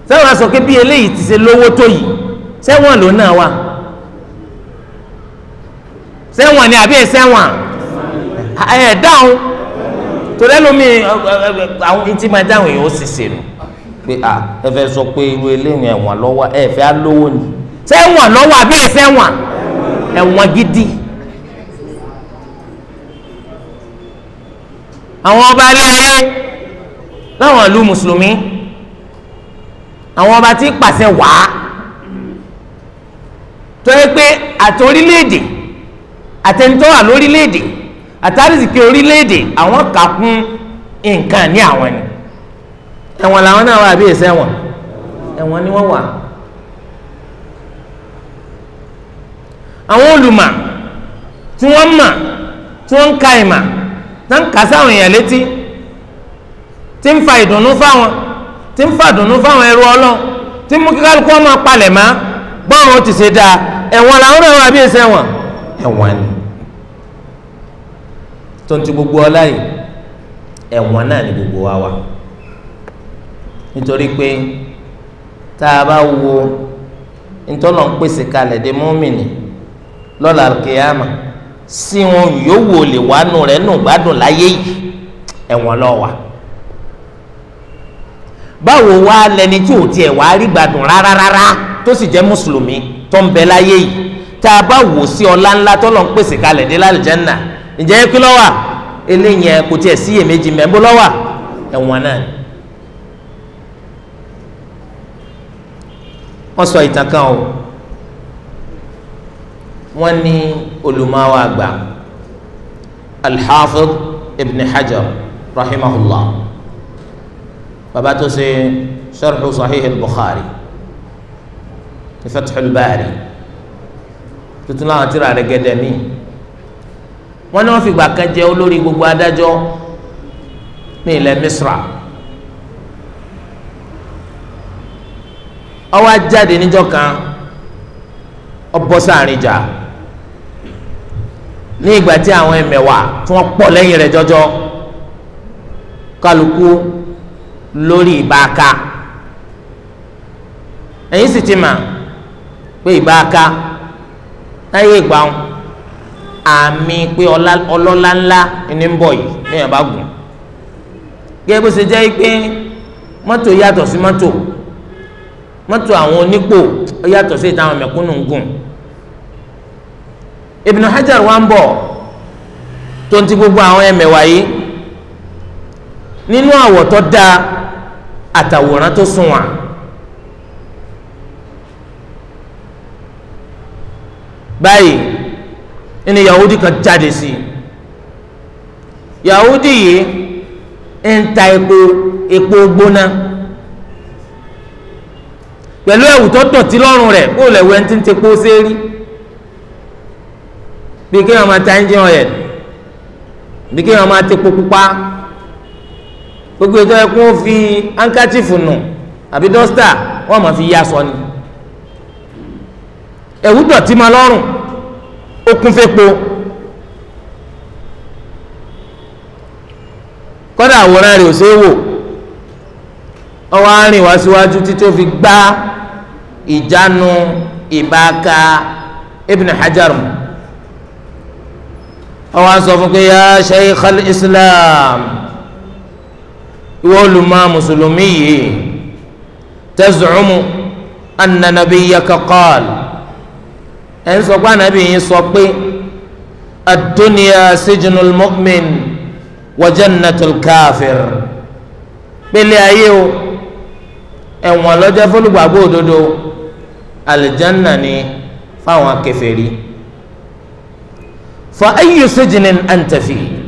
sẹ́wọ̀n aṣọ pé bí eléyìí ti ṣe lówó tó yìí sẹ́wọ̀n ló náà wà sẹ́wọ̀n ni àbí sẹ́wọ̀n ẹ̀ dáhùn torí ẹlòmíì àwọn ìtì máa dáhùn yìí ó sì ṣe nù pé à ẹ fẹ́ sọ pé irú eléyìí ẹ̀wọ̀n lọ́wọ́ ẹ fẹ́ alówó ni sẹ́wọ̀n lọ́wọ́ àbí sẹ́wọ̀n ẹ̀wọ̀n gidi àwọn ọba láyé láwọn ìlú mùsùlùmí àwọn ọba tí pàṣẹ wàá tó yẹ pé àti orílẹ̀-èdè àtẹnitọ́ wà lórílẹ̀-èdè àtàrísìkì orílẹ̀-èdè àwọn kà kún nǹkan ní àwọn ni ẹ̀wọ̀n làwọn náà wà bí èsẹ̀ wọn ẹ̀wọ̀n ni wọ́n wà. àwọn olùmọ̀ tí wọ́n mọ̀ tí wọ́n ń ka ìmọ̀ tí wọ́n ń kà sáwọn èèyàn létí tí ń fa ìdùnnú fáwọn tí ń fa ìdùnnú fáwọn ẹrú ọlọ́run tí mú kíkálukú ọmọ palẹ̀ mọ́ bọ́ọ̀rùn ó ti ṣe dáa ẹ̀wọ̀n làwọn náà wà bí ẹsẹ̀ wọn ẹ̀wọ̀n ni tonti gbogbo ọlá yìí ẹ̀wọ̀n náà ni gbogbo wa wà nítorí pé tá a bá wo ntọ́nà ń pèsè kalẹ̀ dé mọ́mìnì. lọ́la kìyàmà sí wọn yòówù lè nù rẹ̀ nù gbádùn láyé yìí ẹ̀wọ̀n lọ wà. báwo wá lẹni tí ò tiẹ̀ wá rí gbádùn rárá tó sì jẹ́ mùsùlùmí tó ń bẹ láyé yìí tá a bá wò sí ọlá ńlá tó lọ ń pèsè kalẹ̀ dé ǹjẹ́ kí eléyìí kò tiẹ̀ ẹ̀wọ̀n náà wọ́n sọ wọ́n ní olùmọ̀wá àgbà alḥafid ibn hajar rahimahullah bàbá tó ṣe sharhu sahih al-bukhari ní fathul bari tuntun láwọn tíra rẹ̀ gẹ́dẹ̀ míì wọ́n ní wọ́n fìgbà kan jẹ́ olórí gbogbo adájọ́ ní ilẹ̀ misra ó wá jáde kan ó bọ́ sáàrin ní ìgbà tí àwọn ẹmẹ̀wà tí wọ́n pọ̀ lẹ́yìn rẹ̀ jọjọ kálukú lórí ìbáka ẹ̀yin sì ti mà pé ìbáka láyé ìgbà wọn àmì pé ọlọ́lá ńlá ni ń bọ̀ yìí ní ìyàbá gùn gẹ́gẹ́ bó ṣe jẹ́ pé mọ́tò yàtọ̀ sí mọ́tò mọ́tò àwọn onípò yàtọ̀ sí ìtàwọn mẹ̀kúnnù ń gùn. Ibn Hajar wa ń bọ̀ tó ń ti gbogbo àwọn ẹ̀mẹ̀wá yìí nínú àwọ̀ tó dáa àtàwòrán tó sunwà. báyìí ẹni yahudi kan jáde sí i yahudi yìí ń ta epo epo gbóná pẹ̀lú ẹ̀wù tó dọ̀tí lọ́rùn rẹ̀ kó lè wẹ́ntì ń tepo séèrí bí kéèyàn máa ta engine oil bí kéèyàn máa tepo pupa gbogbo ètò ẹkún fi hankachifu nù àbí dọ́stà wọ́n máa fi yá aṣọ ni ẹ̀wù dọ̀tí máa lọ́rùn ó fẹ́ po kọ́dà àwòrán rẹ̀ ò ṣeé wò ọwọ́ arìn wá síwájú títí ó fi gbá ìjánu ìbáka Ibn Hajar mu àwọn sọ fún pé ya shaykhal islam ìwọ olùmọ̀ mùsùlùmí yìí tazumu anna nabiyyaka qal ẹ̀ ń sọ pé ànábì yìí sọ pé ad-dunya sijnul mu'min wa jannatul kafir pélé ayé o ẹ̀wọ̀n lọ́jọ́ fólùgbàgbọ́ òdodo alìjánná ni fáwọn akẹfẹ́ rí fa ayi sijinin antafi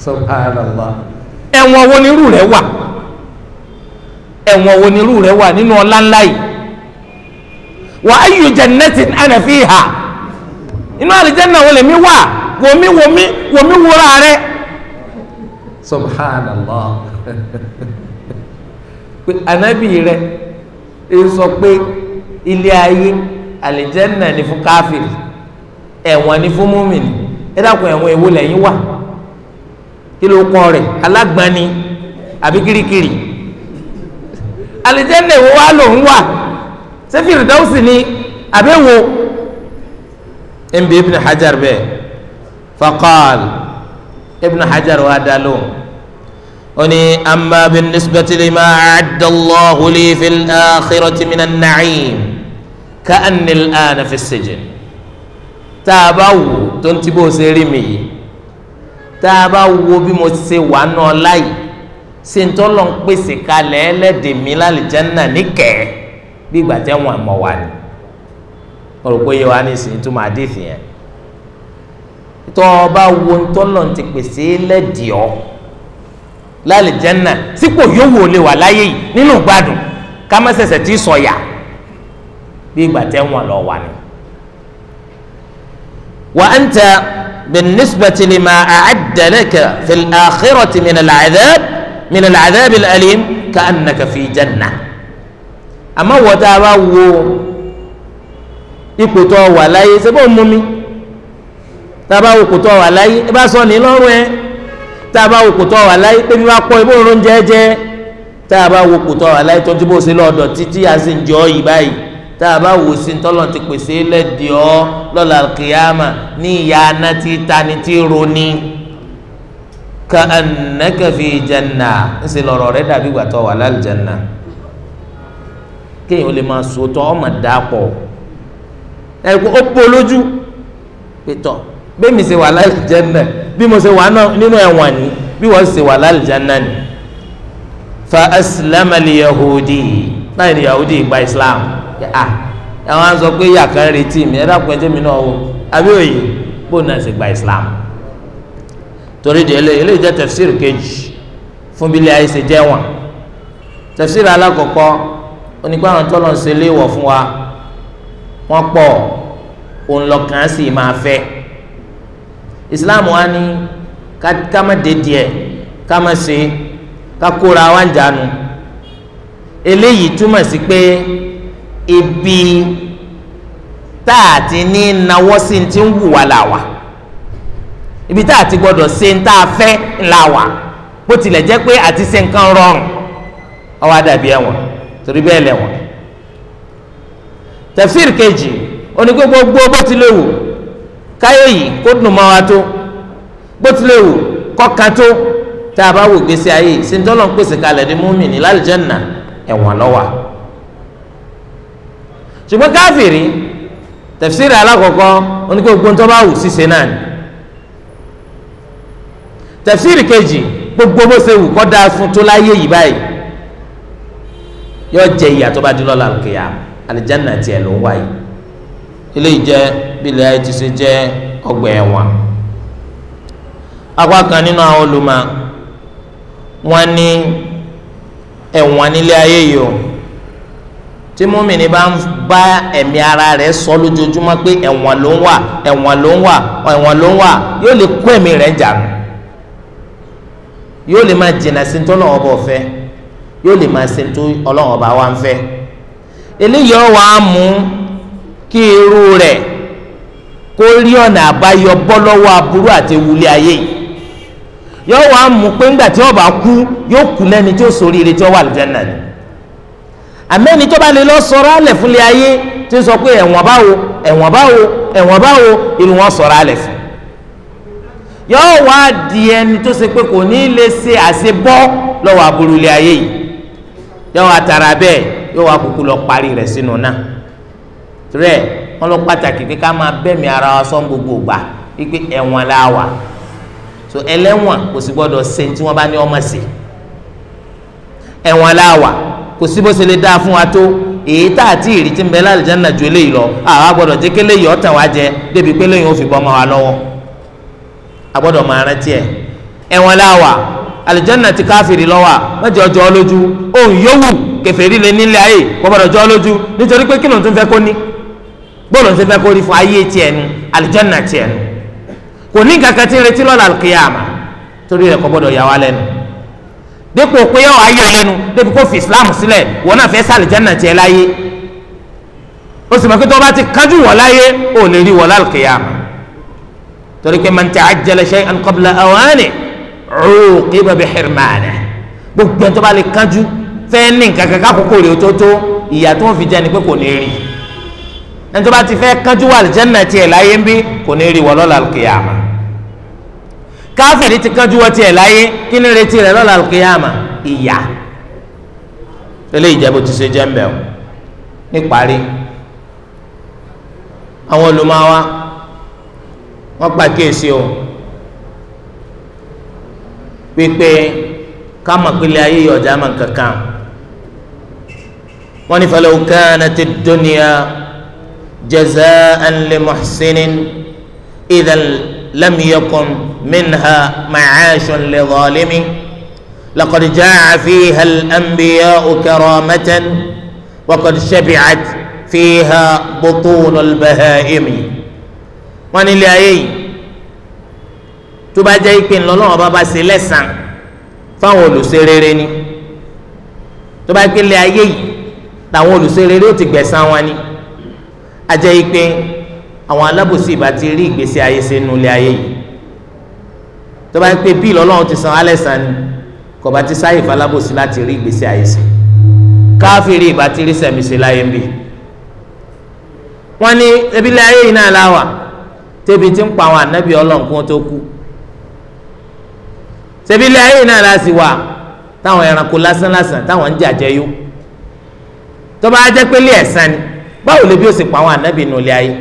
subhanallah ẹ̀wọ̀n wo ni irú rẹ̀ wà ẹ̀wọ̀n wo ni irú rẹ̀ wà nínú ọlá ńlá yìí wa ayi jannatin ana fiha inú alijanna wo lèmi wà wòmí wòmí wòmí wúra rẹ̀ subhanallah pé anabi rẹ̀ sọ pé ilé ayé alijanna ni fún káfíìrì ẹ̀wọ̀n ni fún mùmínì ẹ dákun ẹ̀wọ̀n èwo lẹ́yìn wà kí ló kọ́ rẹ̀ alágbani àbí kirikiri àlìjẹ́nà èwo wà lòun wà ṣé fìrìdáwùsì ni àbí èwo ẹnbí Ibn Hajar bẹ́ẹ̀ faqal Ibn Hajar wà dá lóhùn oni amma bin nisbati lima a'addallahu li fil akhirati minan na'im ka'anni al-ana fi as tá a bá wò tó ń ti bó ṣe rí mi yìí tá a bá wo bí mo ṣe wà nù ọlá yìí ṣe ń tọ́lọ̀ ń pèsè kalẹ̀ ẹlẹ́dẹ̀mí lálìjánná níkẹ́ẹ́ bí ìgbà tẹ́ wọn àmọ̀ wà ní mo rò pé yẹ wá nísìnyí tó máa dìfì yẹn tọ́ o bá wo ń tọ́lọ̀ ń ti pèsè lẹ́dìí ọ́ lálìjánná sípò yòówù ò lè wà láyé yìí nínú gbádùn ká má ṣẹ̀ṣẹ̀ tí sọ̀yà bí ìgbà tẹ́ wọn lọ wà ní. وأنت بالنسبة لما أعد لك في الآخرة من العذاب من العذاب الأليم كأنك في جنة أما وتابا ipò tó wà láyé ṣe bó mú mi tábà òkò tó wà láyé ẹ bá sọ ní lọ́rùn ẹ tábà òkò tó wà láyé pé bí wàá pọ̀ ìbò òrùn jẹ́jẹ́ tábà òkò tó wà láyé tọ́jú tá a bá wò sí ntọ́lọ̀ ti pèsè lẹ́dìí ọ́ lọ́la kìyàmà ní ìyá aná tí ta ni tí roni ka annaka fi janna ńṣe lọ́rọ̀ rẹ dàbí ìgbà tó wà láljanna kéèyàn lè máa sòótọ́ ọmọ dàpọ̀ ẹ̀kú ó pọ̀ lójú pétọ́ bẹ́ẹ̀ mi ṣe wà láljanna bí mo ṣe wà nínú ẹ̀wọ̀n ni bí wọ́n ṣe wà láljanna ni fa aslama yahudi náà ni yahudi gba islam ah àwọn sọ pé yàkà retí mi ẹ dákun ẹ jẹ́ mi náà wò àbí òye bó náà sì gba islam torí di eléyìí eléyìí jẹ́ tafsir kejì fún bílẹ̀ ayé ṣe jẹ́ wọn tafsir alákọ̀ọ́kọ́ onípa àwọn tọ́lọ̀ ń ṣe léèwọ̀ fún wa wọ́n pọ̀ òun lọ́kàn sì máa fẹ́ islam wa ni ká má dé díẹ̀ ká má se ká kóra wa ń jánu eléyìí túmọ̀ sí pé ibi tá a ti ní nawọ́ sí ti ń wù wá là wà ibi tá a ti gbọdọ̀ ṣe ń tá a fẹ́ là wà bó tilẹ̀ jẹ́ pé àti ṣe nǹkan rọrùn ọwọ́ àdàbí ẹ̀wọ̀n torí bẹ́ẹ̀ lẹ̀wọ̀n tafsir kejì onígbé gbogbo bó tilẹ̀ wù káyé yìí kó dùn mọ́ wa tó bó tilẹ̀ wù kọ́ka tó tá a bá wò gbèsè ayé ṣe ń pèsè kalẹ̀ ní múmi ní lálùjẹ́ nà ẹ̀wọ̀n lọ́wà ṣùgbọ́n káfìrí tẹ̀fsírì alákọ̀ọ́kọ́ oníkó gbogbo tó bá wù ṣíṣe náà ni kejì gbogbo bó ṣe wù kọ́ da fún tó láyé yìí báyìí yóò jẹ ìyà tó bá di lọ́la tiẹ̀ ló ń wáyé eléyìí jẹ́ bílẹ̀ ayé ti ṣe jẹ́ ọgbà ẹ̀wọ̀n apá kan nínú àwọn ẹ̀wọ̀n nílé ayé yìí o tí múmìnì bá ń bá ẹ̀mí ara rẹ̀ sọ lójoojúmọ́ pé ẹ̀wọ̀n ló ń wà ẹ̀wọ̀n ló ń wà ẹ̀wọ̀n ló ń wà yóò lè kó ẹ̀mí rẹ̀ jànú yóò lè máa jìnnà sí tó lọ́wọ́ bọ̀ fẹ́ yóò lè máa ṣe tó ọlọ́wọ́ bá wa ń fẹ́ eléyìí ọ̀wá mú kí irú rẹ̀ kó rí ọ̀nà àbáyọ bọ́ lọ́wọ́ aburú àti wulẹ̀ ayé yìí yóò wá mú pé ńgbà tí ó bá kú yóò kú lẹ́ni tí ó sori ire tí ó wà lùjẹ́nà ni àmẹ́ni tó bá lè lọ sọ̀rọ̀ alẹ̀ fúnlẹ̀ ayé tí ó sọ pé ẹ̀wọ̀n báwo ẹ̀wọ̀n báwo ẹ̀wọ̀n báwo inú wọn sọ̀rọ̀ alẹ̀ fún yóò wá di ẹni tó ṣe pé kò ní lè ṣe àṣebọ́ lọ́wọ́ aburú ilé ayé yìí yóò wá tara bẹ́ẹ̀ yóò wá kúkú lọ parí rẹ̀ sínú náà rẹ̀ wọ́n lọ pàtàkì pé ká máa bẹ́mi ara wa sọ́n gbogbo gbà wípé ẹ̀wọ̀n la wà so ẹlẹ́wọ̀n kò sí gbọ́dọ̀ ṣe tí wọ́n bá ní ọmọ sí ẹ̀wọ̀n aláwà kò sí bó ṣe lè dáa fún wa tó èyí tá àti ìrì tí ń bẹ lálùjáná ju eléyìí lọ àwa gbọ́dọ̀ jẹ́ kí eléyìí ọ̀tàn wa jẹ débi pé eléyìí ó fi bọ́ ọmọ wa lọ́wọ́ a gbọ́dọ̀ máa rántí ẹ̀ ẹ̀wọ̀n aláwà àlùjáná ti káfìrí lọ́wọ́ mẹ́jọ jọ ọ́ lójú òun yówù kẹfẹ́rí lé nílé ayé kò gbọ́dọ̀ jọ ọ́ lójú nítorí pé kí lóun tún fẹ́ kó ní bóun tún fẹ́ kó rí fún ayé tiẹ̀ nu àlùjáná tiẹ̀ nu kò ní kankan tí ń retí lọ́la alkiyama torí rẹ̀ kò gbọ́dọ̀ yà wá lẹ́nu dípò pé ọ̀ ayé lẹ́nu débi kó fi islam sílẹ̀ wọn náà fẹ́ sàlìjánà tiẹ̀ láyé ó sì mọ̀ pé tó bá ti kájú wọ̀ láyé ò lè rí wọ̀ lálkiyama torí pé man ta'ajjala shay'an qabla awani uqiba bi hirmani gbogbo ẹ̀ tó bá lè kájú fẹ́ẹ́ ní kankan kókó rẹ̀ tó tó tó ń fi jẹ́ ni pé kò ní rí ẹni tó bá ti fẹ́ kájú wà lìjánà tiẹ̀ láyé ń bí kò ní rí wọ̀ lọ́la alkiyama káfíìrì ti kánjú wọ́n tiẹ̀ láyé kí ni retí rẹ̀ lọ́la alqiyama ìyà eléyìí jẹ́ bó ti ṣe jẹ́ ń bẹ̀ o níparí àwọn olùmọ̀wá wọ́n pàkíyèsí o pípé káma pélé ayé ọ̀jà máa ń kankan wọ́n ní falaw kanati dunya jazaan li muhsinin idhan lam yakun. منها معاش لظالم لقد جاع فيها الأنبياء كرامة وقد شبعت فيها بطون البهائم wọn ilé ayé yìí tó bá jẹ́ ìpín lọ́lọ́wọ́n bá bá ṣe lẹ́sàn fáwọn olùṣe rere ni tó bá pé ilé ayé yìí làwọn olùṣe rere ó ti gbẹ̀san wọn ni a jẹ́ ìpín àwọn alábòsí ìbá ti rí ìgbésí ayé sínú ilé ayé yìí tó bá ń pè bíìlì ọlọ́run ti san alẹ́ san ni kò bá ti sáyè falábòsí láti rí ìgbésí ayé sí káfíìrì ìbá ti rí sẹ̀mí sí láyé ń bì wọ́n ní ebílẹ̀ ayé yìí náà láwà tẹ́bi ti ń pa àwọn ànábì ọlọ́run kí wọ́n tó kú sebílẹ̀ ayé náà la sì wà táwọn ẹranko lásán lásán táwọn ń jàjẹ́ yó tó bá jẹ́ pé lé ẹ̀san ni báwo lè bí ó sì pa àwọn ànábì nù lé ayé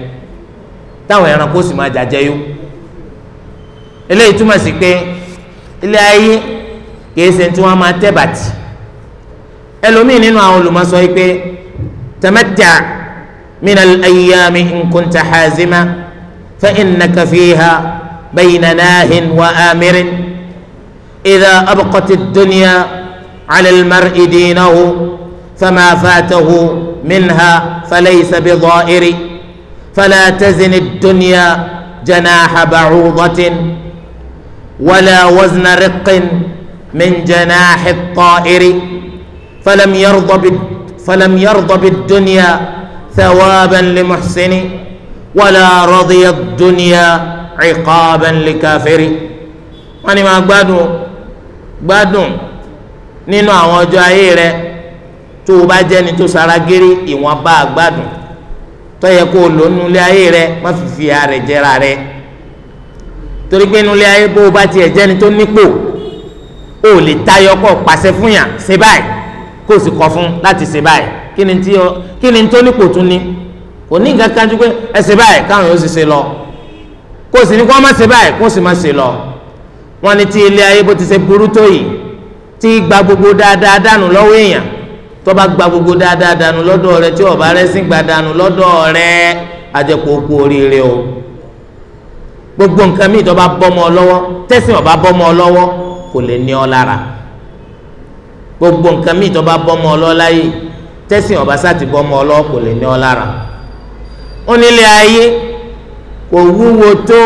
táwọn ẹranko sì máa jàjẹ́ yó. eléyìí túmọ̀ sí pé ilé ayé kìí ṣe tí wọ́n máa tẹ́ bàtì ẹlòmíì nínú àwọn olùmọ̀sọ yìí pé tamatta min al-ayyami in kunta hazima fa innaka fiha bayna nahin wa amirin idha abqat ad-dunya ala al-mar'i dinahu fama fatahu minha falaysa bi-dha'iri fala tazini ad-dunya janaha bọ́tìn. ولا وزن رق من جناح الطائر فلم يرضى فلم يرضى بالدنيا ثوابا لمحسن ولا رضي الدنيا عقابا لكافر wọ́n ní máa gbádùn gbádùn nínú àwọn ọjọ́ ayé rẹ tó o bá jẹ́ni tó sara gírí ìwọ̀nba gbádùn tó yẹ kó o lò nínú ayé rẹ má fi fi ara rẹ jẹra rẹ torí pé nulẹ̀ ayé bó o bá tiẹ̀ jẹ́ni tó nípò o lè tayọ kọ́ pàṣẹ fún yàn ṣe báyìí kó o sì kọ́ fún láti ṣe báyìí kí ni tó nípò tún ní kò ní nǹkan kan ju pé ẹ ṣe báyìí káwọn yóò sì ṣe lọ kó o sì ní kó o má ṣe báyìí kó o sì má ṣe lọ wọn ní tí ilé ayé bó ti ṣe burú tó yìí tí gba gbogbo dáadáa dànù lọ́wọ́ èèyàn tó bá gba gbogbo dáadáa dànù lọ́dọ̀ rẹ tí ọ̀bá rẹ sì gba dànù lọ́dọ̀ rẹ àjẹpọ̀ okú oríire o gbogbo nǹkan míì tó bá bọ́mọ ọ lọ́wọ́ tẹ́sìn ọba bọ́mọ ọ lọ́wọ́ kò lè ní ọ lára gbogbo nǹkan míì tó bá bọ́mọ ọ lọ́wọ́ láyé tẹ́sìn ọba sáti bọ́mọ ọ lọ́wọ́ kò lè ní ọ lára onílé ayé kò wúwo tó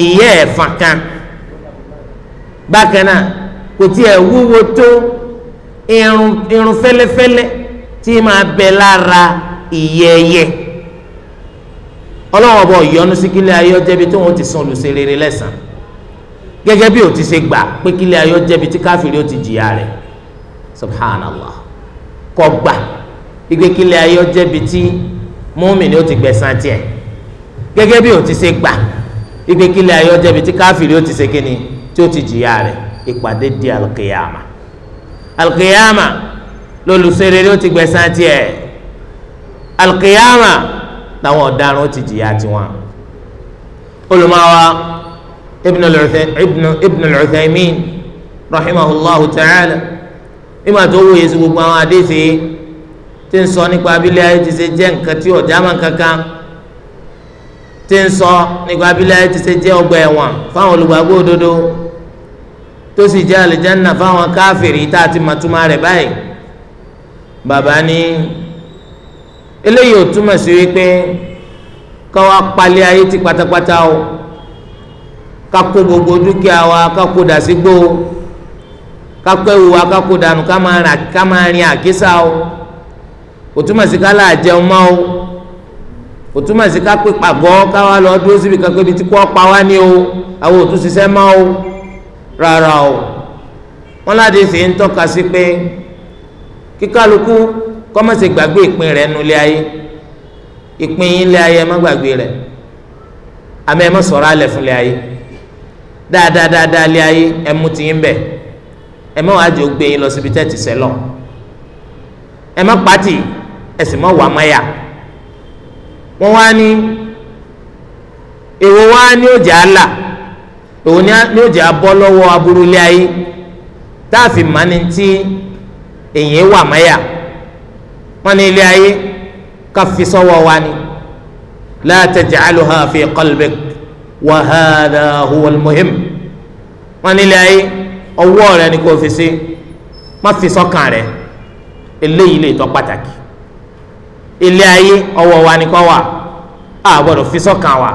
ìyẹ́ ẹ̀fọn kan bákan náà kò tiẹ̀ wúwo tó irun irun fẹ́lẹ́fẹ́lẹ́ tí máa bẹ lára ìyẹ́ ẹyẹ ọlọ́wọ́n bọ̀ yọ́nú sí kílẹ̀ ayé ọjẹ́bi tí wọ́n ti san olùṣe rere lẹ́sàn gẹ́gẹ́ bí o ti ṣe gbà pé kílẹ̀ ayé ọjẹ́bi tí káfíìrì ó ti jìyà rẹ̀ subhanallah kò gbà igbe kílẹ̀ ayé ọjẹ́bi tí mùmínì ó ti gbẹ̀san tiẹ̀ gẹ́gẹ́ bí o ti ṣe gbà igbe kílẹ̀ ayé ọjẹ́bi tí káfíìrì ó ti ṣe kíni tí ó ti jìyà rẹ̀ ìpàdé di alkiyama alkiyama lolùṣe rere ó ti gbẹ̀san tiẹ̀ alkiyama táwọn ọ̀daràn ó ti jìyà tiwọn. olùmọ̀wá ibn al-Uthaymin rahimahullahu ta'ala ìmọ̀ tó wòye sí gbogbo àwọn àdéhìí tí ń sọ nípa abílẹ̀ ayé ti ṣe jẹ́ nǹkan tí ọ̀já máa ń kankan tí ń sọ nípa abílẹ̀ ayé ti ṣe jẹ́ ọgbà ẹ̀wọ̀n fáwọn olùgbàgbọ́ òdodo tó sì jẹ́ àlìjánná fáwọn káfìrí tá a ti mọ̀túmọ̀ rẹ̀ báyìí bàbá ní eléyìí ò túmọ̀ sí wípé ká wá palẹ̀ ayé ti pátápátá o ká kó gbogbo dúkìá wa ká kó dà sí gbó o ká kó ẹ̀wù wa ká kó dànù ká máa rìn àkísà o kò túmọ̀ sí ká láà jẹun mọ́ o kò túmọ̀ sí ká pè pàgọ́ ká wá lọ dúró síbi kan pébi tí kò pa wá ní o àwọn òtún ṣiṣẹ́ mọ́ o rárá o wọn láti fi ń tọ́ka sí pé kíkálukú. kọ́mọ̀sì gbàgbé ìpín rẹ̀ nulẹ̀ ayé ìpín ilé ayé ẹ má gbàgbé rẹ̀ àmọ́ ẹ má sọ̀rọ̀ alẹ̀ fúnlẹ̀ ayé dáadáa dáadáa ilé ayé ẹ mú ti yín bẹ̀ ẹ má wàá jẹ́ gbé yín lọ síbi tẹ́tì sẹ́lọ̀ ẹ má pàtì ẹ sì má wà wọ́n wá ní èwo wá ní òjì àlà èwo ní òjì wọn ní ilé ayé ká fi sọ́wọ́ wa ni la taj'alha fi qalbik wa hadha huwa al-muhim wọn ní ilé ayé ọwọ́ rẹ ni kò fi sí má fi sọ́kàn rẹ eléyìí lè tọ́ pàtàkì ilé ayé ọwọ́ wa ni kọ́ wà á gbọ́dọ̀ fi sọ́kàn wa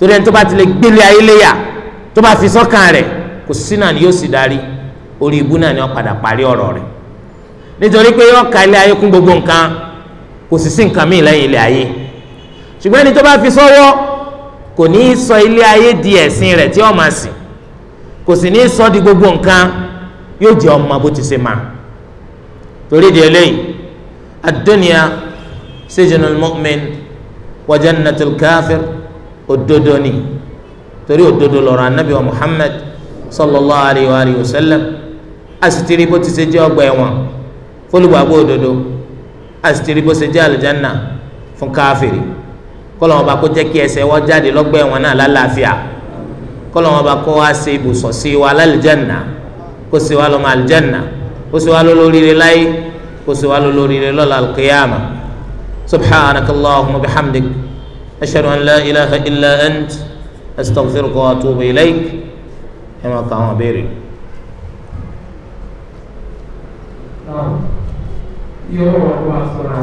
torí ẹni tó bá ti gbélé ayé léyà tó bá fi sọ́kàn rẹ̀ kò sí náà ni yóò sì darí orí ibú náà ni wọ́n padà parí ọ̀rọ̀ rẹ̀ nítorí pé yọ ka ilé ayé kún gbogbo nǹkan kò sì sí nǹkan míì lẹ́yìn ilé ayé ṣùgbọ́n ẹni tó bá fi sọ́wọ́ kò ní í sọ ilé ayé di ẹ̀sìn rẹ̀ tí ó máa sìn kò sì ní í sọ di gbogbo nǹkan yóò jẹ́ ọmọ bó ti ṣe máa torí di eléyìí ad-dunya sijnul mu'min wa jannatul kafir òdodo ni torí òdodo lọ́rọ̀ anabi wa Muhammad sallallahu alayhi wa sallam asitiri bó ti ṣe jẹ́ ọgbà ẹ̀wọ̀n fólùgbàgbọ́ òdodo àsìtìrì bó ṣe jẹ́ àlùjáná fún káfìrí kọ́lọ́wọ́n bá kó jẹ́ kí ẹsẹ̀ wọ́n jáde lọ́gbà ẹ̀wọ̀n náà lálàáfíà kọ́lọ́wọ́n bá kó wá ṣe ibùsọ̀ sí wa lálùjáná kó ṣe wá lọ́mọ àlùjáná kó ṣe wá lólóríire láyé kó ṣe wá lólóríire lọ́la alqiyama subhanaka wa atubu ilayk Yo, Pastor